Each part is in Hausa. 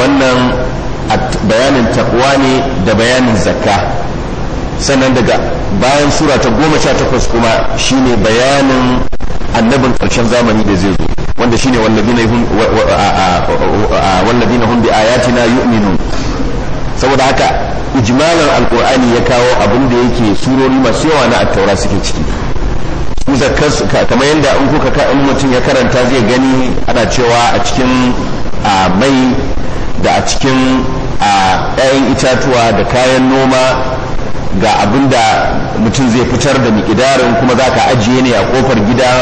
wannan bayanin takwa ne da bayanin zakka sannan daga bayan sura ta goma sha takwas kuma shine bayanin annabin karshen zamani da zai zo wanda shine wallazina hum bi ayatina yu'minun saboda haka ijmalar alkur'ani ya kawo abin da yake surori masu yawa na attaura suke ciki su kamar yadda in kuka ka in mutum ya karanta zai gani ana cewa a cikin mai da a cikin a 'ya'yan itatuwa da kayan noma ga abin da mutum zai fitar da mikidarin kuma za ka ajiye ne a kofar gida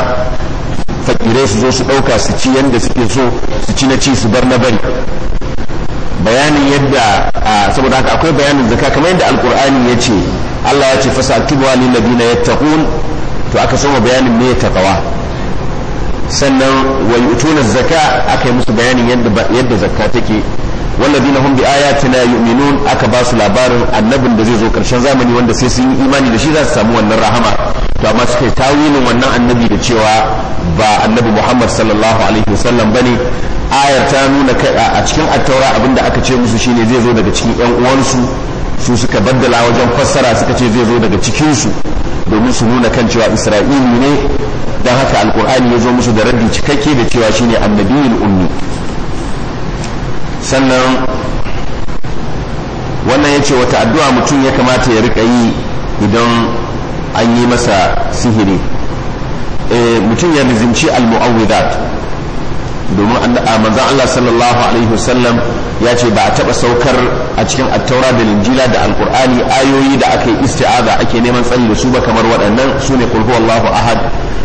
fakirai su zo su ɗauka su ci yadda suke so su ci na ci su bar na bari bayanin yadda saboda haka akwai bayanin zaka kamar yadda alkur'ani ya ce allah ya ce fasa tubuwa ne na biyu na to aka soma bayanin me takawa sannan wani yutuna zaka aka yi musu bayanin yadda yadda zakka take والذين هم بآياتنا يؤمنون aka ba su labarin annabin da zai zo karshen zamani wanda sai sun yi imani da shi za su samu wannan rahama to amma suka tawilin wannan annabi da cewa ba annabi Muhammad sallallahu alaihi wasallam bane ayar ta nuna a cikin attaura abinda aka ce musu shine zai zo daga cikin yan uwansu su suka baddala wajen fassara suka ce zai zo daga cikin su domin su nuna kan cewa isra'ilu ne dan haka alkur'ani ya zo musu da raddi cikakke da cewa shine annabiyul ummi sannan wannan ya ce wata addu'a mutum ya kamata ya rika yi idan an yi masa sihiri eh, mutum ya nizinci al-mu'awwidat domin manzan Allah sallallahu alaihi wasallam ya ce ba a taɓa saukar a cikin attaura da linjila da alkur'ani ayoyi da aka yi isti'aza ake neman tsari da su ba kamar waɗannan su ne kulhu Allahu ahad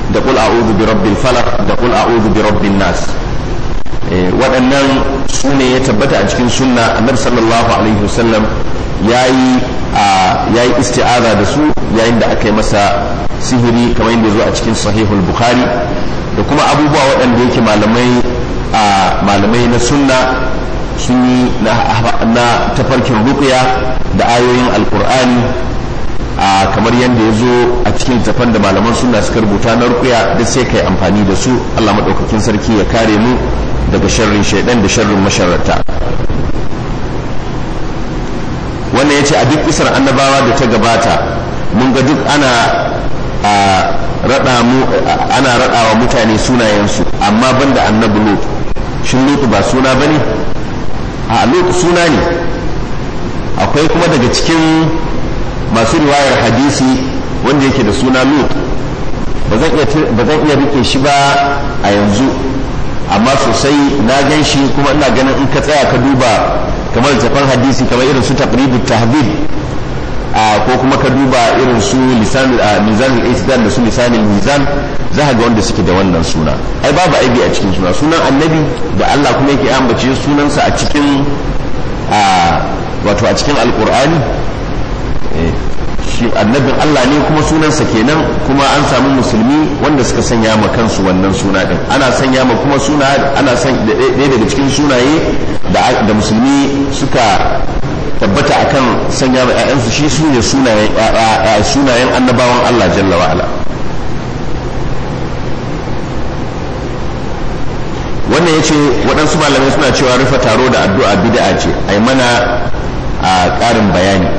da kul a'udhu bi rabbil falaq da kul a'udhu bi rabbin nas Eh, waɗannan su ya tabbata a cikin sunna annabi sallallahu alaihi wasallam yayi yayi isti'aza da su yayin da aka yi masa sihiri kamar yadda zo a cikin sahihul bukhari da kuma abubuwa waɗanda yake malamai malamai na sunna sun yi na tafarkin ruqya da ayoyin alkur'ani a kamar yadda ya zo a cikin tafan da malaman suna suka rubuta na rukuya da sai kai amfani da su allah maɗaukakin sarki ya kare mu daga sharrin shaidan da sharrin masharata wannan ya ce a duk isar annabawa da ta gabata mun ga duk ana ana raɗawa mutane sunayensu amma banda annabi lut shin lut ba suna bane a lut suna ne akwai kuma daga cikin masu riwayar hadisi wanda yake da suna lut ba zan iya rike shi ba a yanzu amma sosai na gan shi kuma ina ganin in ka tsaya ka duba kamar zafan hadisi kamar irin su taqribut a ko kuma ka duba irin su lisan mizan al da su lisan al-mizan za ga wanda suke da wannan suna ai babu aibi a cikin suna sunan annabi da Allah kuma yake ambace sunansa a cikin wato a cikin alkur'ani. Eh. shi annabin Allah ne kuma sunansa kenan kuma an samu musulmi wanda suka sanya ma kansu wannan suna din ana sanya ma kuma suna ana san ɗaya daga cikin sunaye da musulmi suka tabbata akan sanya ma ƴaƴansu shi su ne sunayen annabawan Allah jalla wa ala wannan yace waɗansu malamai suna cewa rufe taro da addu'a bid'a ce ai mana a ƙarin bayani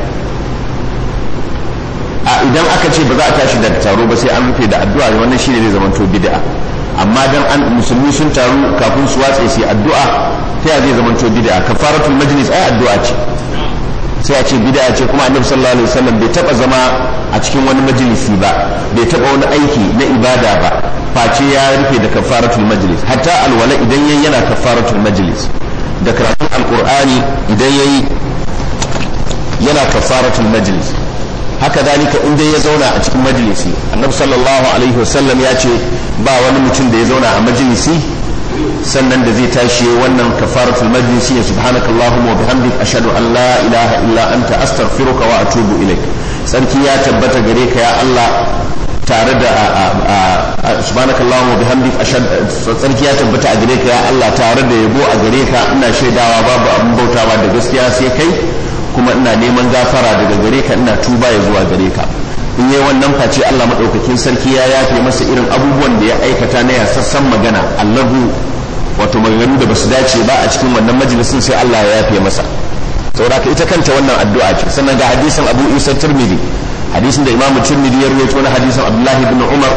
a idan aka ce ba za a tashi da taro ba sai an rufe da addu'a wannan shine zai zama to bid'a amma dan an musulmi sun taru kafin su watse sai addu'a ta ya zai zama to bid'a kafaratul majlis ai addu'a ce sai a ce bid'a ce kuma annabi sallallahu alaihi wasallam bai taba zama a cikin wani majalisi ba bai taba wani aiki na ibada ba face ya rufe da kafaratul majlis hatta alwala idan yayi yana kafaratul majlis da karatun alqur'ani idan yayi yana kafaratul majlis haka zalika in dai ya zauna a cikin majalisi annabi sallallahu alaihi wasallam ya ce ba wani mutum da ya zauna a majalisi sannan da zai tashi wannan kafaratul majlisi ya subhanaka allahumma wa bihamdik ashhadu an la ilaha illa anta astaghfiruka wa atubu ilaik sarki ya tabbata gare ka ya Allah tare da subhanaka wa bihamdik ashhadu sarki ya tabbata a gare ka ya Allah tare da yabo a gare ka ina shaidawa babu abin bautawa da gaskiya sai kai kuma ina neman gafara daga gare ka ina tuba ya zuwa gare ka in yi wannan face Allah maɗaukakin sarki ya yafe masa irin abubuwan da ya aikata na yasassan magana allahu wato maganganu da basu dace ba a cikin wannan majalisin sai Allah ya yafe masa saboda ita kanta wannan addu'a ce sannan ga hadisin Abu Isa Tirmidhi hadisin da imamu tirmidhi ya rawaito na hadisin abdullahi bin umar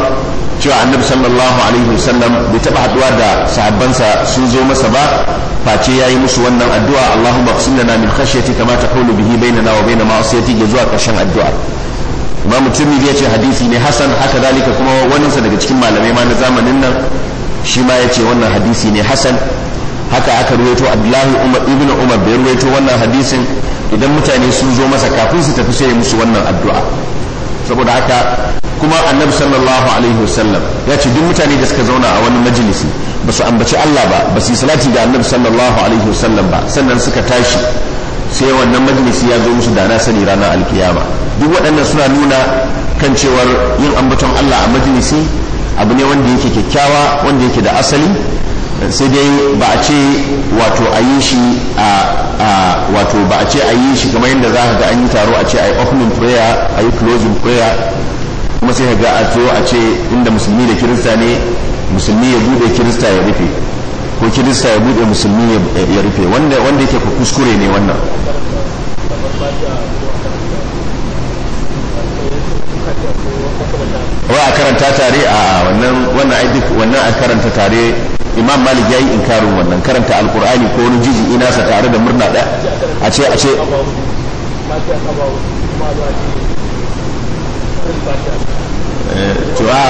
cewa annabi sallallahu alaihi wasallam bai taba haduwa da sahabbansa sun zo masa ba face yayi musu wannan addu'a allahumma qsim lana min kamata ma taqulu bihi bainana wa bain ma'asiyatik zuwa karshen addu'a imamu tirmidhi ya ce hadisi ne hasan haka dalika kuma wani daga cikin malamai ma na zamanin nan shi ma ya ce wannan hadisi ne hasan haka aka ruwaito abdullahi umar ibn umar da ya ruwaito wannan hadisin idan mutane sun zo masa kafin su tafi sai musu wannan addu'a saboda haka kuma annabi sallallahu alaihi wasallam ya ce duk mutane da suka zauna a wani majalisi ba su ambaci Allah ba ba su yi salati ga annabi sallallahu alaihi wasallam ba sannan suka tashi sai wannan majalisi ya zo musu da na sani ranar alkiyama duk waɗannan suna nuna kan cewar yin ambaton Allah a majalisi abu ne wanda yake kyakkyawa wanda yake da asali sai dai ba a ce wato a yi shi a wato ba a ce a yi shi kamar yadda za ka ga an yi taro a ce a yi opening prayer a yi closing prayer kuma sai ga a zo a ce inda musulmi da kirista ne musulmi ya bude kirista ya rufe ko kirista ya bude musulmi ya rufe wanda yake kuskure ne wannan wa a karanta tare a wannan wannan ai duk wannan a karanta tare imam malik yayi inkarin wannan karanta alqur'ani ko wani jiji ina sa tare da murna da a ce a ce eh, to a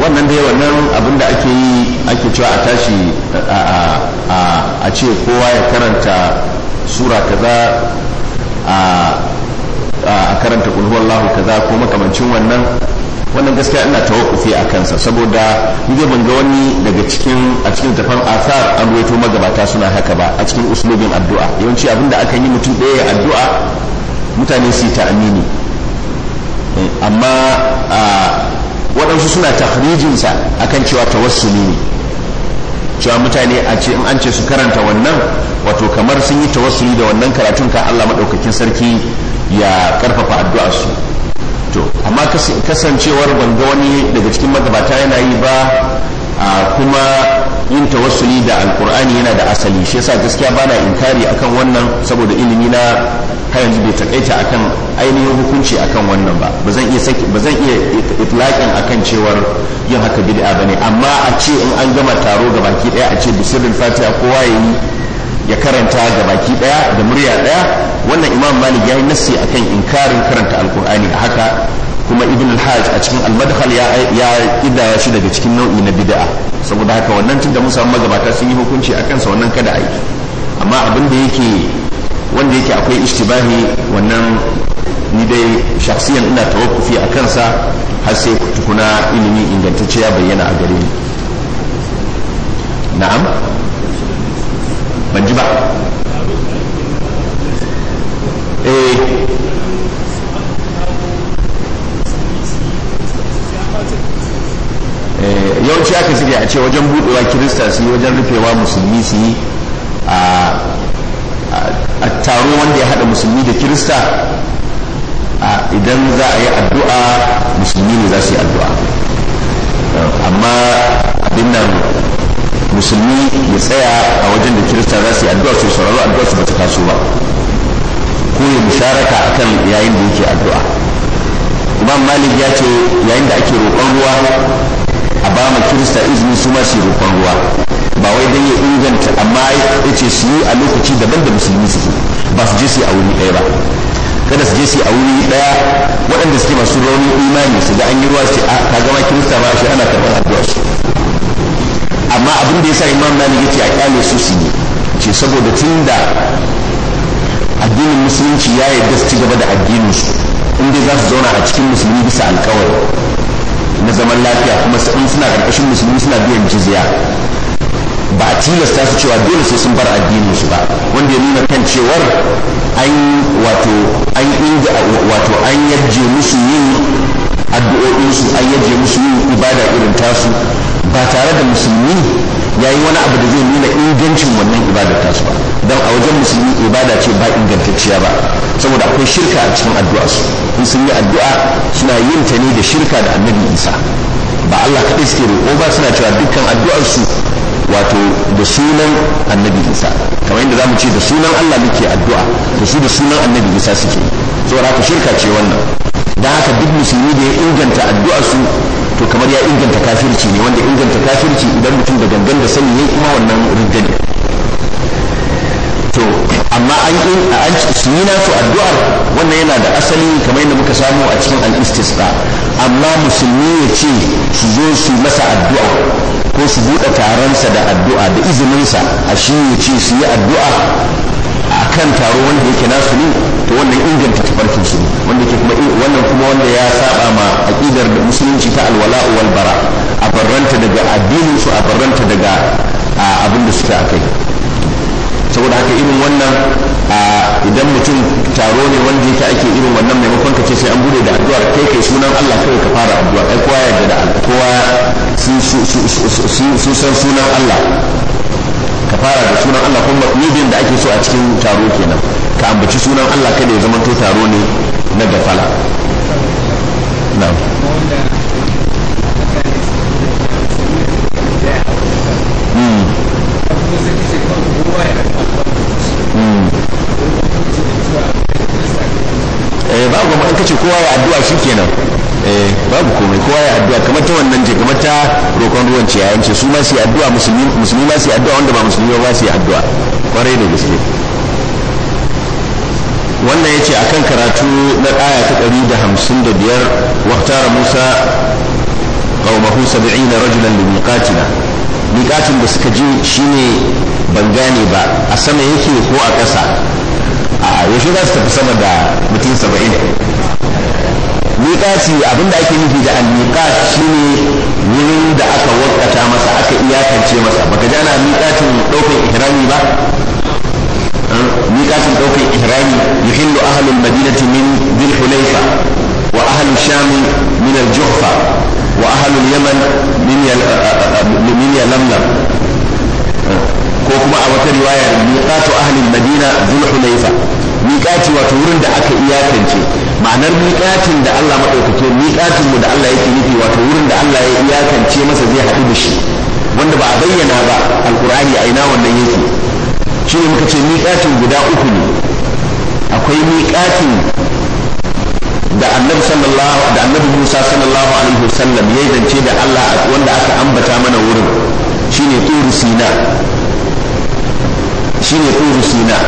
wannan dai wannan abin da ake yi ake cewa a tashi a ce kowa ya karanta sura kaza a karanta kulhuwallahu kaza ko makamancin wannan wannan gaskiya ina ta tawakkufi a kansa saboda ni ban ga wani daga cikin a cikin tafan asar an ruwaito magabata suna haka ba a cikin usulobin addu'a yawanci abin da akan yi mutum ɗaya addu'a mutane su yi ta amini eh, amma waɗansu suna tahrijinsa akan cewa tawassuli ne cewa mutane a ce in an ce su karanta wannan wato kamar sun yi tawassuli da wannan karatun ka Allah maɗaukakin sarki ya karfafa addu'a su to amma kasancewar ban ga wani daga cikin magabata yana yi ba kuma yin tawassuli da alkur'ani yana da asali shi yasa gaskiya ba na inkari akan wannan saboda ilimi na har yanzu bai takaita akan ainihin hukunci akan wannan ba ba zan iya saki ba zan iya itlaqin akan cewar yin haka bid'a bane amma a ce in an gama taro ga baki daya a ce bisirin fatiha kowa yayi ya karanta ga baki daya da murya daya wannan imam malik yayi nassi akan inkarin karanta alkur'ani haka kuma ibn al-hajj a cikin al-madkhal ya ya kidaya shi daga cikin nau'i na bid'a saboda haka wannan tunda mun samu magabata sun yi hukunci akan sa wannan kada aiki amma abin da yake wanda yake akwai ishtibahi wannan ni dai shaksiyan ina tawakkufi a kansa har sai tukuna ilimi ingantacce ya bayyana a gare ni na'am ban ji ba eh yawanci aka cika a ce wajen buɗewa kirista su yi wajen rufewa musulmi su yi a taro wanda ya haɗa musulmi da kirista idan za a yi addu'a musulmi ne za su yi addu'a amma abin nan musulmi ya tsaya a wajen da kirista za su yi addu'a su sauraro addu'a su bata taso ba ko ya musharaka kan yayin da yake addu'a imam malik ya ce yayin da ake roƙon ruwa a ba mu kirista izini su ma su roƙon ruwa ba wai dan ya inganta amma ya ce su yi a lokaci daban da musulmi suke ba su je su a wuri ɗaya ba kada su je su a wuri ɗaya waɗanda suke masu rauni imani su ga an yi ruwa su a ah, ka gama kirista ba shi ana karɓar addu'a su amma abin da ya sa imam malik ya ce a kyale su su ne ce saboda tun da addinin musulunci ya yarda su ci gaba da addinin su inda za su zauna a cikin musulmi bisa alkawari na zaman lafiya kuma in suna karkashin musulmi suna biyan jizya ba a tilasta su cewa dole sai sun bar addinin su ba wanda ya nuna kan cewar an wato an inda wato an yaje musu yin addu'o'insu an yaje musu yin ibada irin tasu ba tare da musulmi ya yi wani abu da zai nuna ingancin wannan ibadar tasu ba don a wajen musulmi ibada ce ba ingantacciya ba saboda akwai shirka a cikin addu'a su in addu'a suna yin ta ne da shirka da annabi isa ba allah kaɗai suke roƙo ba suna cewa dukkan addu'ar su wato da sunan annabi isa kamar yadda zamu ce da sunan allah muke addu'a da su da sunan annabi isa suke saboda haka shirka ce wannan da haka duk musulmi da ya inganta addu'ar su to kamar ya inganta kafirci ne wanda inganta kafirci idan mutum da gangan da sani yi kuma wannan ridda ne to amma an a an yi nasu addu'ar wannan yana da asali kamar yadda muka samu a cikin al-istisqa amma musulmi ya ce su zo su masa addu'a ko su buɗe sa da addu'a da izinin sa a shi ya ce su yi addu'a a kan taro wanda yake nasu ne to wannan inganta tafarkin su ne wanda ke kuma wannan kuma wanda ya saba ma aqidar da musulunci ta alwala wal bara a barranta daga addinin su a barranta daga abin da suke akai saboda haka irin wannan idan mutum taro ne wanda yake ake irin wannan maimakon ka ce sai an bude da addu'ar kai kai sunan Allah kai ka fara addu'a kai kowa ya da kowa su san sunan Allah ka fara da sunan Allah kuma nibin da ake so a cikin taro kenan ka ambaci sunan Allah kada ya zama to taro ne na gafala na hmm. hmm. eh babu ma kace kowa ya addu'a shikenan Eh, babu komai kowa ya addu'a kamar ta wannan ce kamar ta roƙon ruwan yayin ce su ma su addu'a musulmi ma su addu'a wanda ba musulmi ba su yi addu'a kwarai da gaske wannan yace akan karatu na aya ta da da hamsin biyar waktara Musa qaumahu na rajulan miƙatina miƙatin da suka je ne ban gane ba a sama yake ko a ƙasa a yaushe za su tafi sama da mutum saba'in miƙaci abinda ake nufi da al-miƙat shine wurin da aka wakata masa aka iyakance masa baka ji ana miƙacin ɗaukar ihrami ba hmm? miƙacin ɗaukar ihrami yuhillu ahlul madinati min dhil hulayfa wa ahlul sham min al-juhfa wa ahlul yaman min yalamlam hmm? ko kuma a wata riwayar miƙatu ahlul madina dhul hulayfa miƙaci wato wurin da aka iyakance ma'anar miƙacin da Allah maɗaukake miƙacin mu da Allah yake nufi wato wurin da Allah ya iyakance masa zai haɗu da shi wanda ba a bayyana ba alƙur'ani a ina wannan yake shi ne muka ce miƙacin guda uku ne akwai miƙacin da annabi sallallahu da annabi Musa sallallahu alaihi wasallam ya zance da Allah wanda aka ambata mana wurin shine turu sina shine turu sina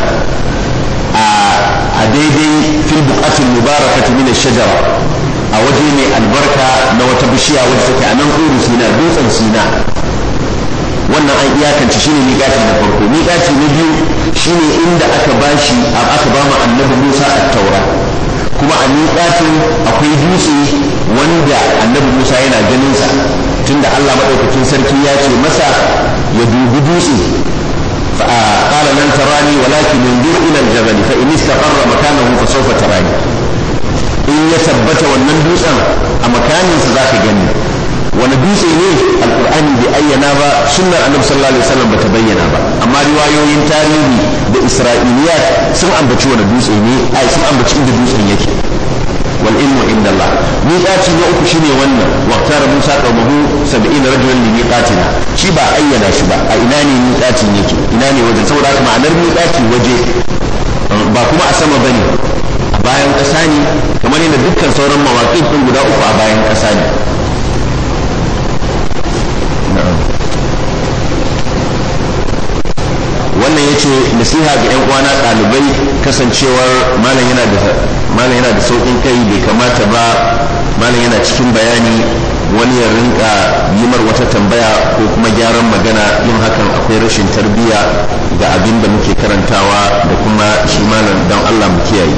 a daidai fil buƙatin mubarakati min shajara a waje mai albarka na wata bishiya wadda take a nan kuru sina dutsen sina wannan an iyakance shine miƙati na farko miƙati na biyu shine inda aka bashi aka ba mu annabi Musa at-taura kuma a miƙatin akwai dutse wanda annabi Musa yana ganin sa tunda Allah madaukakin sarki ya ce masa ya dubi dutse قال لن تراني ولكن انظر إلى الجبل فإن استقر مكانه فسوف تراني ya tabbata wannan dutsen a makaninsa za ka gani wani dutse ne Alƙur'ani bai ayyana ba sunnar annabi sallallahu alaihi wasallam bata bayyana ba amma riwayoyin tarihi da isra'iliyat sun ambaci wani dutse ne ai sun ambaci inda dutsen yake wal ilmu inda Allah miqati na uku shine wannan waqtar musa qawmuhu 70 rajulan li miqatina shi ba ayyana shi ba a ina ne miƙatin yake ina ne wajen saboda haka ma'anar miƙati waje um, ba kuma a sama bane a bayan ƙasa ne kamar yadda dukkan sauran mawaƙi sun guda uku a bayan ƙasa ne wannan ya ce nasiha ga 'yan uwana ɗalibai kasancewar malam yana da sauƙin kai bai kamata ba malam yana cikin bayani wani ya rinka yimar wata tambaya ko kuma gyaran magana yin hakan akwai rashin tarbiyya ga abin da muke karantawa da kuma shi malam don allah mu kiyaye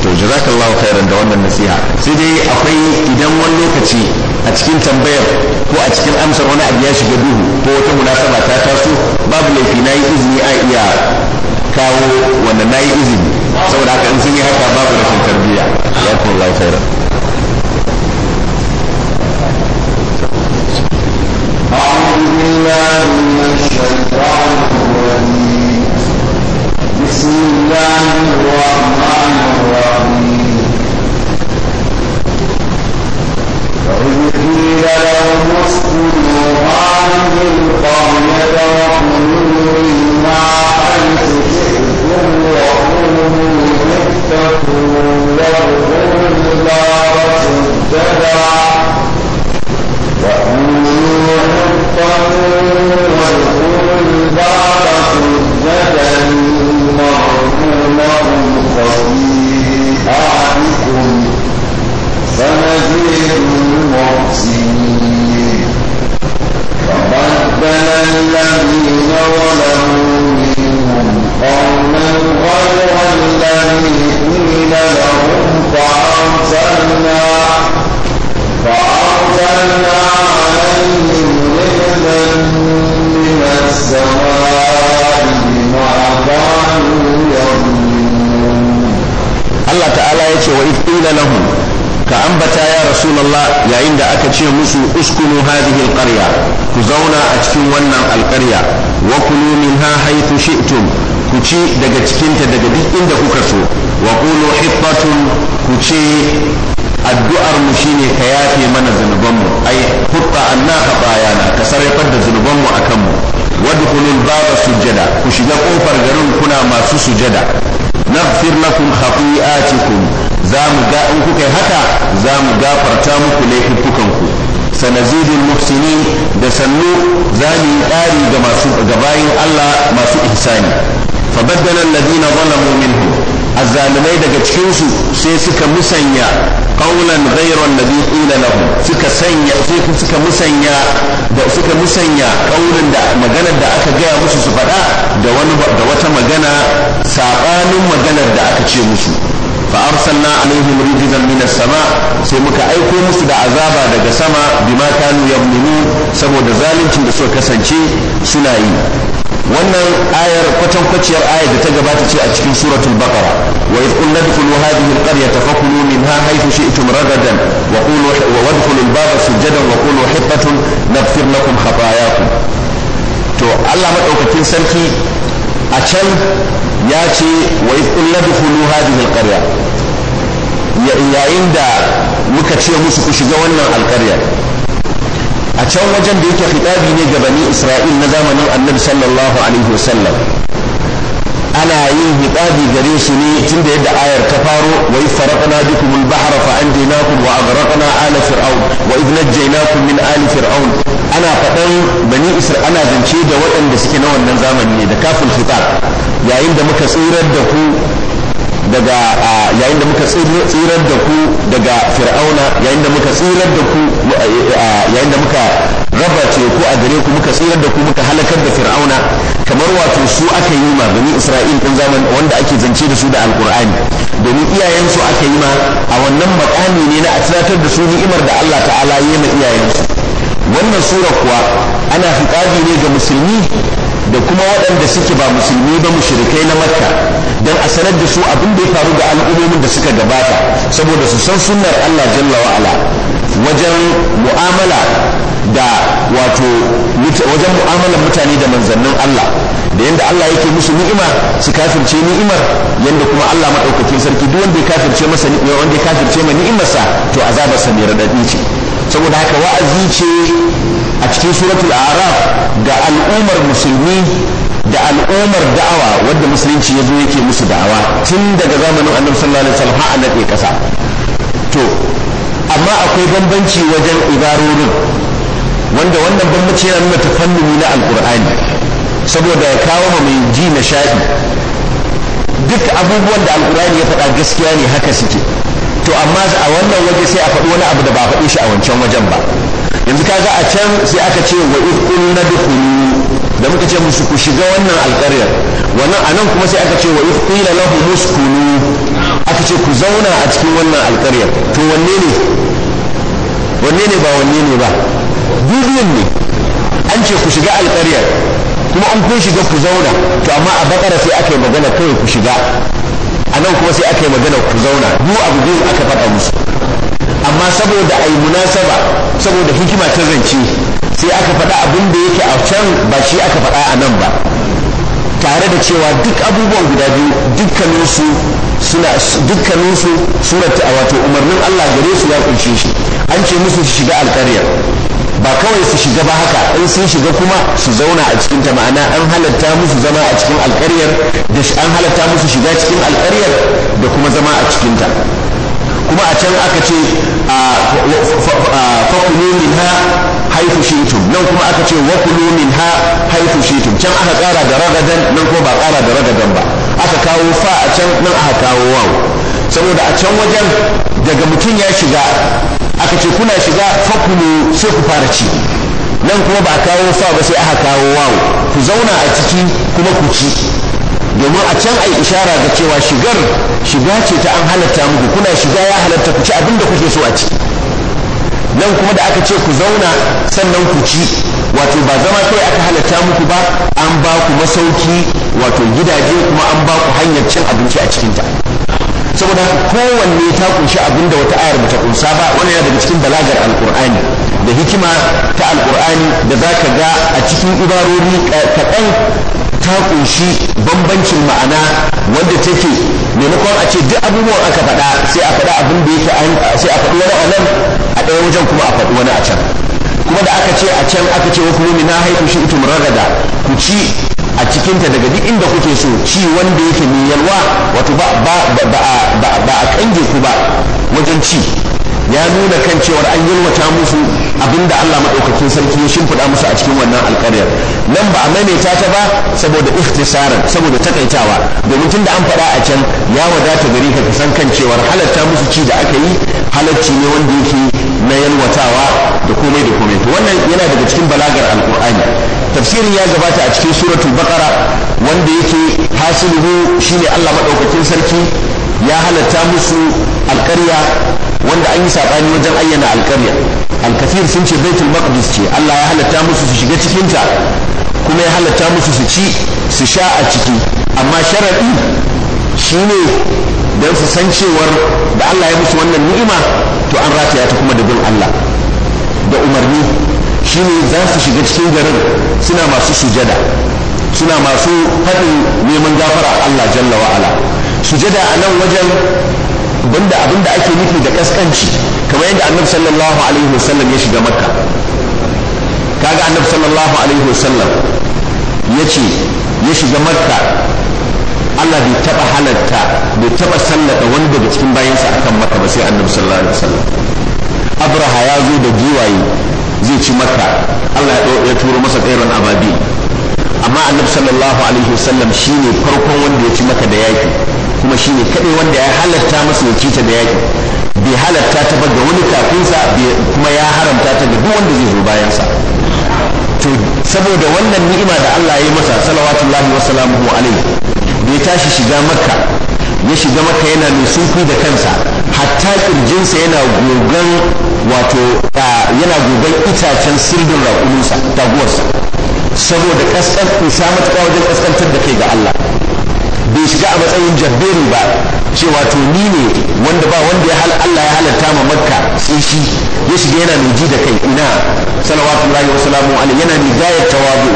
to jazakallahu khairan da wannan nasiha sai dai akwai idan wani lokaci a cikin tambayar ko a cikin amsar wani abu ya shiga duhu ko wata munasaba ta taso babu laifi na yi izini a iya kawo wannan na yi izini saboda haka in sun yi haka babu rashin tarbiyya ya kuma lafiya muku ku sanazidul muhsinin da sannu za mu yi ƙari ga masu gabayin Allah masu ihsani fabaddala alladhina zalamu minhu azalimai daga cikinsu sai suka musanya qawlan ghayra alladhi qila lahum suka sanya sai suka musanya da suka musanya qawlan da maganar da aka gaya musu su faɗa da wani da wata magana sabanin maganar da aka ce musu fa arsalna alaihim rijzan min sama sai muka aiko musu da azaba daga sama bima kanu saboda zaluncin da suka kasance suna yi wannan ayar kwatankwaciyar ayar da ta gabata ce a cikin suratul baqara wa idh qulna dkhulu hadhihi alqaryata fakulu minha haythu shi'tum ragadan wa qulu wa wadkhulu albaba sujadan wa qulu hitatun naghfir lakum khatayakum to Allah madaukakin sarki a can ya ce wa kulla dukulu hadhihi alqarya yayin da muka ce musu ku shiga wannan alqarya a can wajen da yake hitabi ne ga bani isra'il na zamanin annabi sallallahu alaihi wasallam ana yin hitabi gare su ne tun da yadda ayar ta faro wa iz duk bikum al-bahr fa anjaynakum wa aghraqna ala fir'aun wa iz najaynakum min ali fir'aun ana fadan bani isra'il ana zance da waɗanda suke na wannan zamani ne da kafin hitab yayin da muka tsirar da ku daga yayin da muka tsirar da ku daga fir'auna yayin da muka tsirar da ku yayin da muka raba teku a gare ku muka tsirar da ku muka halakar da fir'auna kamar wato su aka yi ma bani isra'il din zaman wanda ake zance da su da alkur'ani domin iyayensu aka yi ma a wannan makami ne na a tunatar da su ni'imar da Allah ta'ala ya yi ma iyayensu wannan sura kuwa ana fitabi ne ga musulmi da kuma waɗanda suke ba musulmi ba mushrikai na makka don a sanar da su abin da ya faru ga al'ummomin da suka gabata saboda su san sunnar allah jalla wa'ala wajen mu'amala da wato wajen mu'amalar mutane da manzannin allah da yadda allah yake musu ni'ima su kafirce ni'imar yadda kuma allah maɗaukakin sarki duk wanda ya kafirce masa ma ni'imarsa to azabarsa mai raɗaɗi ce saboda haka wa'azi ce a cikin suratul araf ga al'ummar musulmi da al'ummar da'awa wadda musulunci ya zo yake musu da'awa tun daga zamanin annabi sallallahu alaihi wasallam har kasa to amma akwai bambanci wajen ibarorin wanda wannan bambanci yana nuna tafannumi na alkur'ani saboda ya kawo ma mai ji nishaɗi duk abubuwan da alkur'ani ya faɗa gaskiya ne haka suke to amma a wannan waje sai a faɗi wani abu da ba faɗi shi a wancan wajen ba yanzu kaga a can sai aka ce wa ikun na da muka ce musu ku shiga wannan alƙaryar wannan anan kuma sai aka ce wa idkila lahu muskunu aka ce ku zauna a cikin wannan alƙaryar to wanne ne wanne ne ba wanne ne ba biyun ne an ce ku shiga alƙaryar kuma an kun shiga ku zauna to amma a bakara sai aka yi magana kawai ku shiga a nan kuma sai aka yi magana ku zauna du abu biyu aka faɗa musu amma saboda yi munasaba saboda hikima ta zance sai aka faɗa abin da yake a can ba shi aka faɗa a nan ba tare da cewa duk abubuwan guda biyu dukkaninsu suna dukkaninsu wato umarnin Allah gare su ya kunshe shi an ce musu su shiga alƙaryar ba kawai su shiga ba haka in sun shiga kuma su zauna a cikin ta ma'ana an halatta musu zama a cikin alƙaryar da an halatta musu shiga cikin alƙaryar da kuma zama a cikin ta kuma a can aka ce fakulu min ha haifu shitum nan kuma aka ce wakulu min ha haifu shitum can aka ƙara da ragadan nan kuma ba ƙara da ragadan ba aka kawo fa a can nan aka kawo wawo saboda a can wajen daga mutum ya shiga aka ce kuna shiga fakulu sai ku fara ci nan kuma ba a kawo fa ba sai aka kawo wawo ku zauna a ciki kuma ku ci domin a can ai ishara ga cewa shigar shiga ce ta an halatta muku kuna shiga ya halatta ku ci abin da kuke so a ci nan kuma da aka ce ku zauna sannan ku ci wato ba zama kai aka halatta muku ba an ba ku masauki wato gidaje kuma an ba ku hanyar cin abinci a cikinta saboda kowanne ta kunshi da wata ayar bata kunsa ba wani yana daga cikin balagar alkur'ani da hikima ta alkur'ani da za ka ga a cikin ibarori kaɗan ta kunshi bambancin ma'ana wanda take maimakon a ce duk abubuwan aka faɗa sai a faɗa abin da yake sai a faɗi wani a nan a ɗaya wajen kuma a faɗi wani a can kuma da aka ce a can aka ce wa kuma na haifu shi ragada ku ci a cikinta daga duk inda kuke so ci wanda yake mai yalwa wato ba a kange ku ba wajen ci ya nuna kan cewar an yalwata musu abinda Allah maɗaukakin sarki ya shimfiɗa musu a cikin wannan alƙaryar nan ba a maimaita ta ba saboda ikhtisaran saboda takaitawa domin tunda an faɗa a can ya wadata gari ka san kan cewar halatta musu ci da aka yi halacci ne wanda yake na yalwatawa da komai da komai to wannan yana daga cikin balagar alkur'ani tafsirin ya gabata a cikin suratul baqara wanda yake hasiluhu shine Allah madaukakin sarki ya halatta musu alƙarya wanda an yi saɓani wajen ayyana alƙarya alkafir sun ce baitul maqdis ce Allah ya halatta musu su shiga cikinta kuma ya halatta musu su ci su sha a ciki amma sharaɗi shine don su san cewar da Allah ya musu wannan ni'ima to an rataya ta kuma da bin Allah da umarni shi ne za su shiga cikin garin suna masu sujada suna masu faɗin neman gafara Allah jalla wa'ala sujada a nan wajen banda abin da ake nufi da kaskanci kamar yadda annabi sallallahu alaihi wasallam ya shiga makka kaga annabi sallallahu alaihi wasallam ya ce ya shiga makka Allah bai taba halatta bai taba sallata wani daga cikin bayansa akan maka ba sai annabi sallallahu alaihi wasallam abraha ya zo da giwaye zai ci maka Allah ya turo masa tsairon ababi amma annabi sallallahu alaihi wasallam shine farkon wanda ya ci maka da yaki kuma shine kadai wanda ya halatta masa ya ci ta da yaki bai halatta ta ba ga wani kafinsa kuma ya haramta ta ga duk wanda zai zo bayansa to saboda wannan ni'ima da Allah ya yi masa salawatullahi wa salamuhu alaihi bai tashi shiga makka ya shiga maka yana mai sunfi da kansa hatta kirjinsa yana gogon wato yana gogon itacen sirdin raƙuminsa taguwarsa saboda kaskan isa matuƙa wajen kaskantar da kai ga Allah bai shiga a matsayin jabberi ba cewa to ni ne wanda ba wanda ya hal Allah ya halatta ma makka sai shi ya shiga yana mai ji da kai ina salawatullahi wa salamu alaihi yana mai gayar tawadu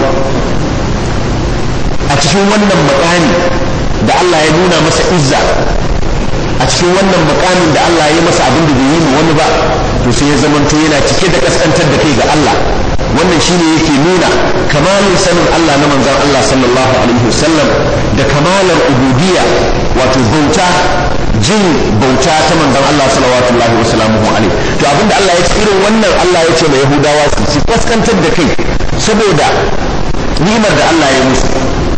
a cikin wannan makami da Allah ya nuna masa izza a cikin wannan makamin da Allah ya masa abin da bai yi wani ba to sai ya to yana cike da kaskantar da kai ga Allah wannan shine yake nuna kamalin sanin Allah na manzon Allah sallallahu alaihi wasallam da kamalar ubudiyya wato bauta jin bauta ta manzon Allah sallallahu alaihi wasallam to abinda Allah ya ce irin wannan Allah ya ce ma Yahudawa su kaskantar da kai saboda ni'imar da Allah ya musu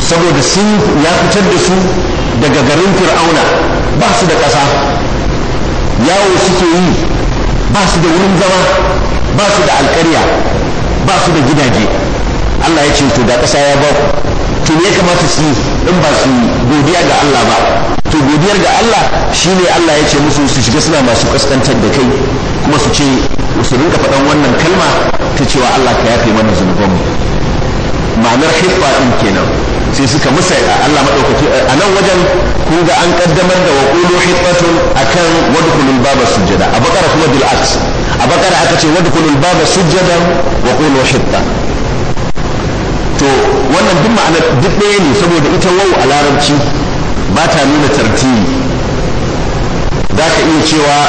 saboda sun ya fitar da su daga garin fir'auna ba su da ƙasa yawo suke yi ba su da wurin zama ba su da alƙarya ba su da gidaje Allah ya ce to da ƙasa ya ba to ne kamata su yi in ba su godiya ga Allah ba to godiyar ga Allah shi ne Allah ya ce musu su shiga suna masu kaskantar da kai kuma su ce su rinka faɗan wannan kalma ta cewa Allah ka yafe mana zunubanmu ma'anar hifa ɗin kenan sai suka a Allah maɗaukaki eh, a nan wajen kun ga an ƙaddamar da a kan wadda wadkhulul baba sujjada a bakara kuma bil aks a bakara aka ce wadkhulul baba sujjada waƙulu hibba to wannan duk ma'ana duk ɗaya ne saboda ita wau a larabci ba ta nuna tartibi za ka iya cewa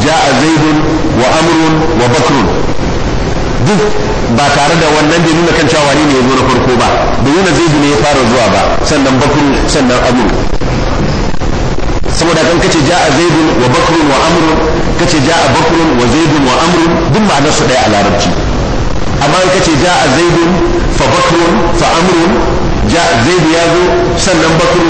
ja'a zaidun wa amrun wa bakrun duk ba tare da wannan da nuna kan cewa wani ne ya zo na farko ba da yana zai ne ya fara zuwa ba sannan bakun sannan abu saboda kan kace ja'a zaidun wa bakrun wa amrun kace ja'a bakrun wa zaidun wa amrun duk ma'anar su daya a larabci amma in kace ja'a zaidun fa bakrun fa amrun ja'a zaid ya zo sannan bakru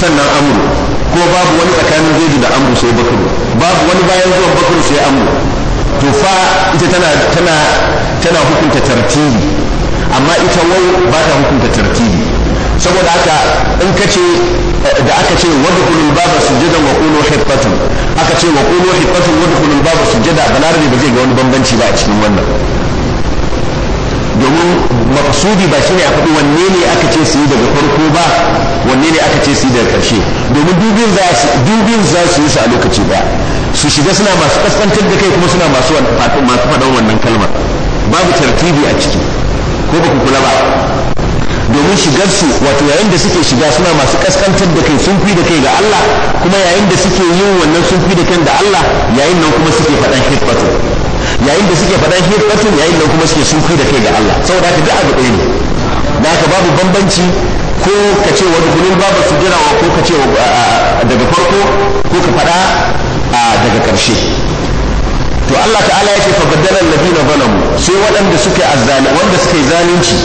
sannan amru ko babu wani tsakanin zaid da amru sai bakru babu wani bayan zuwan bakru sai amru to fa ita tana tana tana hukunta tartibi amma ita wai ba ta hukunta tartibi saboda haka in ka ce eh, da aka ce wadda wadkhulul baba sujadan wa qulu hifatun aka ce wa qulu hifatun wadkhulul baba sujada ne ba zai ga wani bambanci ba a cikin wannan domin maksudi ba shine a faɗi wanne ne aka ce su yi daga farko ba wanne ne aka ce su yi daga ƙarshe domin dubin za su za su yi su a lokaci ba su shiga suna masu ƙasƙantar da kai kuma suna masu faɗin wannan kalmar babu tartibi a ciki ko ba ku kula ba domin shigar su wato yayin da suke shiga suna masu kaskantar da kai sun fi da kai ga Allah kuma yayin da suke yin wannan sun fi da kai da Allah yayin nan kuma suke faɗan hikmatu yayin da suke faɗan hikmatu yayin nan kuma suke sun fi da kai ga Allah saboda haka duk ga ɗaya ne da haka babu bambanci ko ka ce wani gulun babu su jirawa ko ka ce daga farko ko ka faɗa daga ƙarshe to Allah ta'ala ya ce fa badala alladina zalamu sai waɗanda suka azzali wanda suka yi zalunci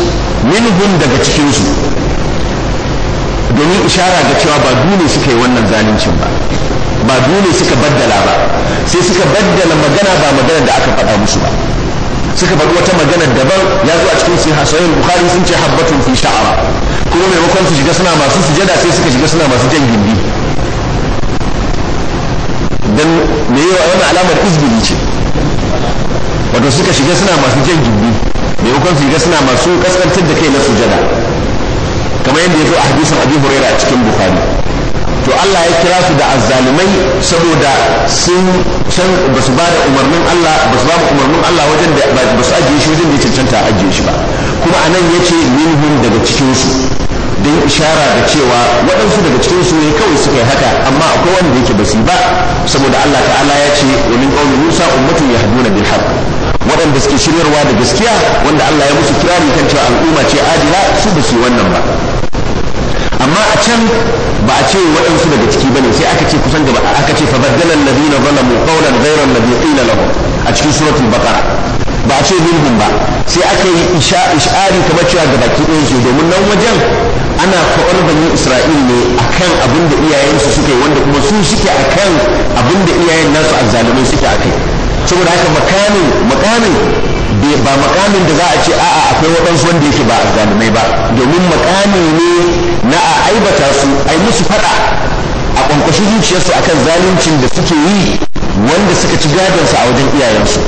minhum daga cikin su domin ishara ga cewa ba dole suka yi wannan zaluncin ba ba dole suka baddala ba sai suka baddala magana ba magana da aka faɗa musu ba suka faɗi wata magana daban ya zo a cikin sai hasayin bukhari sun ce habbatun fi sha'ara kuma maimakon su shiga suna masu sujada sai suka shiga suna masu jan gindi dan me yawa wani alamar izbili ce wato suka shiga suna masu jan gindi maimakon su shiga suna masu kaskantar da kai na sujada kamar yadda ya zo a hadisin abi huraira a cikin bukhari to Allah ya kira su da azzalumai saboda sun can ba su ba da umarnin Allah ba su ba da umarnin Allah wajen da ba su ajiye shi wajen da ya cancanta a ajiye shi ba kuma anan ce minhum daga cikin su don ishara da cewa waɗansu daga cikin su ne kawai suka yi haka amma akwai wanda yake basu ba saboda Allah ta'ala ya ce wa min qawmi musa ummatun yahduna bil haqq waɗanda suke shiryarwa da gaskiya wanda Allah ya musu kirari kan cewa al'umma ce adila su ba su wannan ba amma a can ba a ce waɗansu daga ciki bane sai aka ce kusan gaba aka ce fa baddala alladhina zalamu qawlan ghayra alladhi qila lahum a cikin suratul baqara ba a ce minhum ba sai aka yi isha'ari kamar cewa da baki ɗaya su domin nan wajen ana faɗar bani isra'il ne a kan abin da iyayensu suka yi wanda kuma su suke kan abin da iyayen nasu azzalumai suke kai saboda haka makamin makamin ba makamin da za a ce a'a akwai waɗansu wanda yake ba azzalumai ba domin makami ne na a aibata su ai musu faɗa a kwankwashi zuciyarsu akan zaluncin da suke yi wanda suka ci gadonsa a wajen iyayensu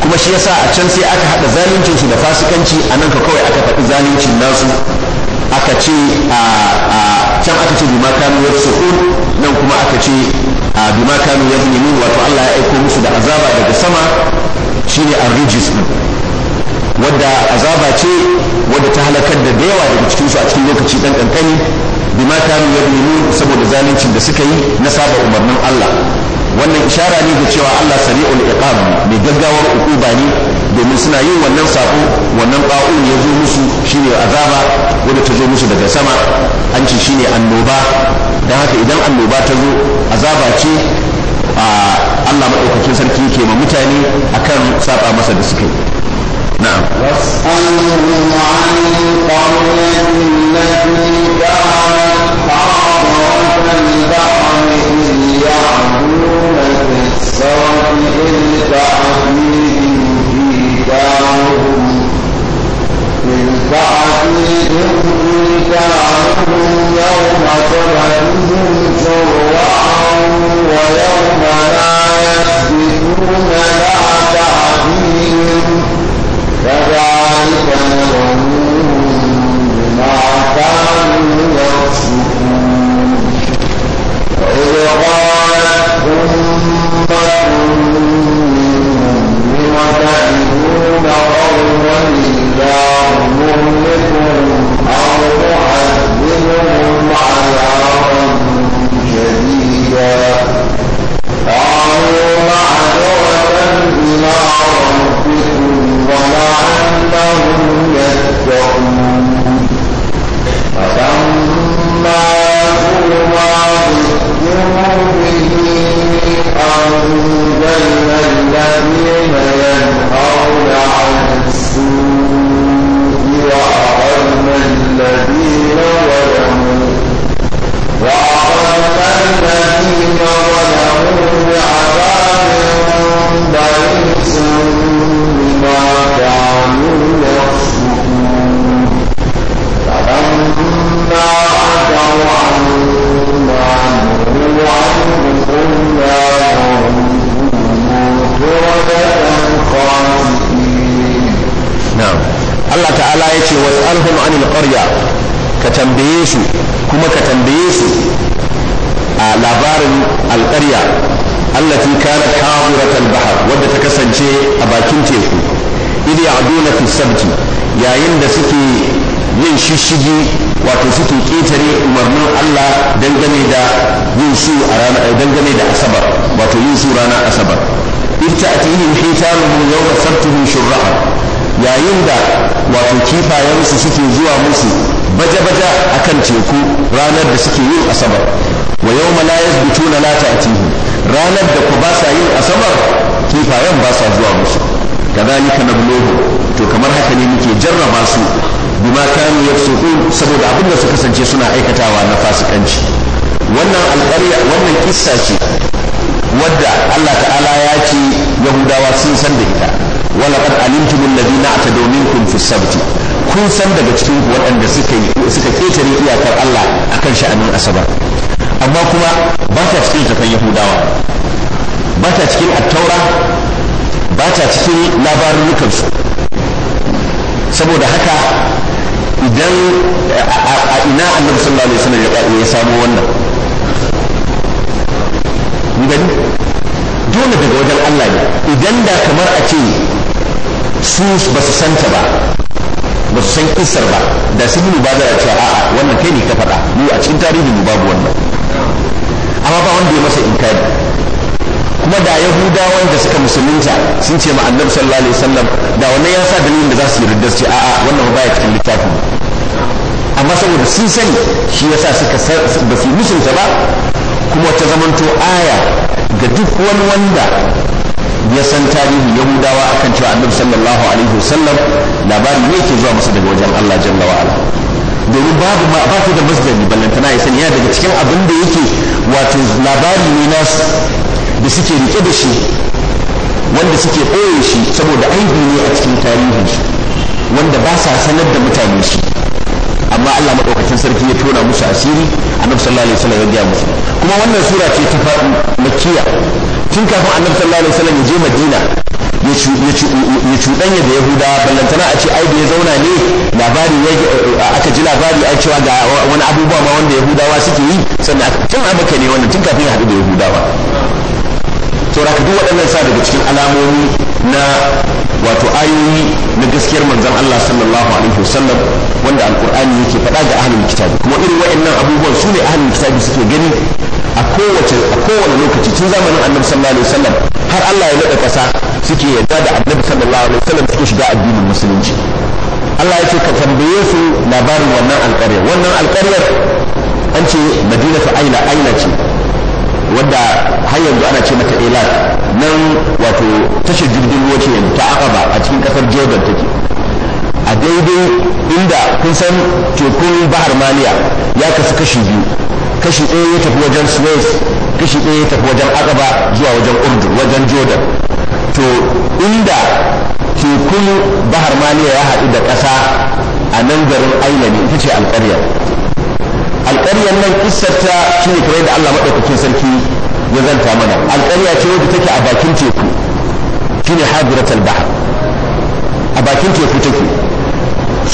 kuma shi yasa a can sai aka haɗa zaluncin su da fasikanci a nan ka kawai aka faɗi zaluncin nasu aka ce a can aka ce bima kanu yafsukun nan kuma aka ce a bima kanu yazlimun wato Allah ya aiko musu da azaba daga sama shine ar-rijis wadda azaba ce wadda ta halakar da yawa daga cikinsu a cikin lokaci dan kankani bima kanu yazlimun saboda zaluncin da suka yi na saba umarnin Allah wannan ishara ne da cewa Allah sari'ul iqab mai gaggawar ukuba ne domin suna yin wannan sako wannan ba'un ya zo musu shine azaba wanda ta zo musu daga sama an ce shine annoba dan haka idan annoba ta zo azaba ce a Allah madaukakin sarki ke ma mutane akan saba masa da suka na'am إذ تعتيهم ميثاقهم إذ تعتيهم ميثاقهم يوم صدرهم شرعا ويوم لا يسجدون لا تعتيهم inda wato kifayensu suke zuwa musu baje-baje a kan teku ranar da suke yin asabar wa yau na a a tihu ranar da ku ba sa yin asabar kifayen ba sa zuwa musu na bulogu to kamar haka ne muke jarraba su bima kanu saboda abin da su kasance suna aikatawa na fasikanci wannan alƙarya wannan kissa ce wadda Allah ta'ala ya ce Yahudawa sun san da ita ولقد علمتم الذين اعتدوا منكم في السبت kun san daga cikin waɗanda suka yi suka ketare iyakar Allah akan sha'anin asabar amma kuma ba ta cikin tafan yahudawa ba ta cikin attaura ba ta cikin labarin su saboda haka idan a ina annabi sallallahu alaihi wasallam ya samu wannan gani dole daga wajen Allah ne idan da kamar a ce su ba su santa ba ba su san kisar ba da su yi ba za a ce a'a wannan kai ne ka faɗa ni a cikin tarihi mu babu wannan amma ba wanda ya masa inkari kuma da yahudawa da suka musulunta sun ce ma annabi sallallahu alaihi wasallam da wannan ya sa dalilin da za su yi su ce a'a wannan ba baya cikin littafin amma saboda sun sani shi yasa suka ba su musulunta ba kuma ta zamanto aya ga duk wani wanda ya san tarihi yahudawa akan cewa annabi sallallahu alaihi wasallam labari ne yake zuwa masa daga wajen Allah jalla wa ala domin babu ma ba da masdari ballantana ya san ya daga cikin abin da yake wato labari ne nasu da suke rike da shi wanda suke ɓoye shi saboda aibi ne a cikin tarihin shi wanda ba sa sanar da mutane shi amma Allah maɗaukacin sarki ya tona musu asiri annabi sallallahu alaihi wasallam ya gaya musu kuma wannan sura ce ta faɗi makiya tun kafin annabi sallallahu alaihi wasallam ya je madina ya cuɗanya da yahudawa ballantana a ce ai da ya zauna ne labari aka ji labari ai cewa ga wani abubuwa ma wanda yahudawa suke yi sannan tun maka ne wannan tun kafin ya haɗu da yahudawa saura ka duk waɗannan sa daga cikin alamomi na wato ayoyi na gaskiyar manzan Allah sallallahu alaihi wasallam wanda alkur'ani yake faɗa ga ahlul kitabi kuma irin waɗannan abubuwan su ne ahlul kitabi suke gani a kowace a kowane lokaci tun zamanin annabi sallallahu alaihi wasallam har Allah ya nada kasa suke yarda da annabi sallallahu alaihi wasallam suke shiga addinin musulunci Allah ya ce ka tambaye su labarin wannan alƙarya wannan alƙarya an ce madinatu aina aina ce wadda har yanzu ana ce mata ilat nan wato tashar jirgin ruwa ce yanzu ta aqaba a cikin kasar jordan take a daidai inda kun san tekun bahar maliya ya kasu kashi biyu kashi ɗaya ya tafi wajen suez kashi ɗaya ya tafi wajen akaba zuwa wajen urdu wajen jordan to inda tekun bahar maliya ya haɗu da ƙasa a nan garin ainami ita ce alƙaryar alƙaryar nan kissarta shi ne kamar da allah maɗaukakin sarki ya zanta mana alƙarya ce wadda take a bakin teku shi ne hadiratul bahar a bakin teku take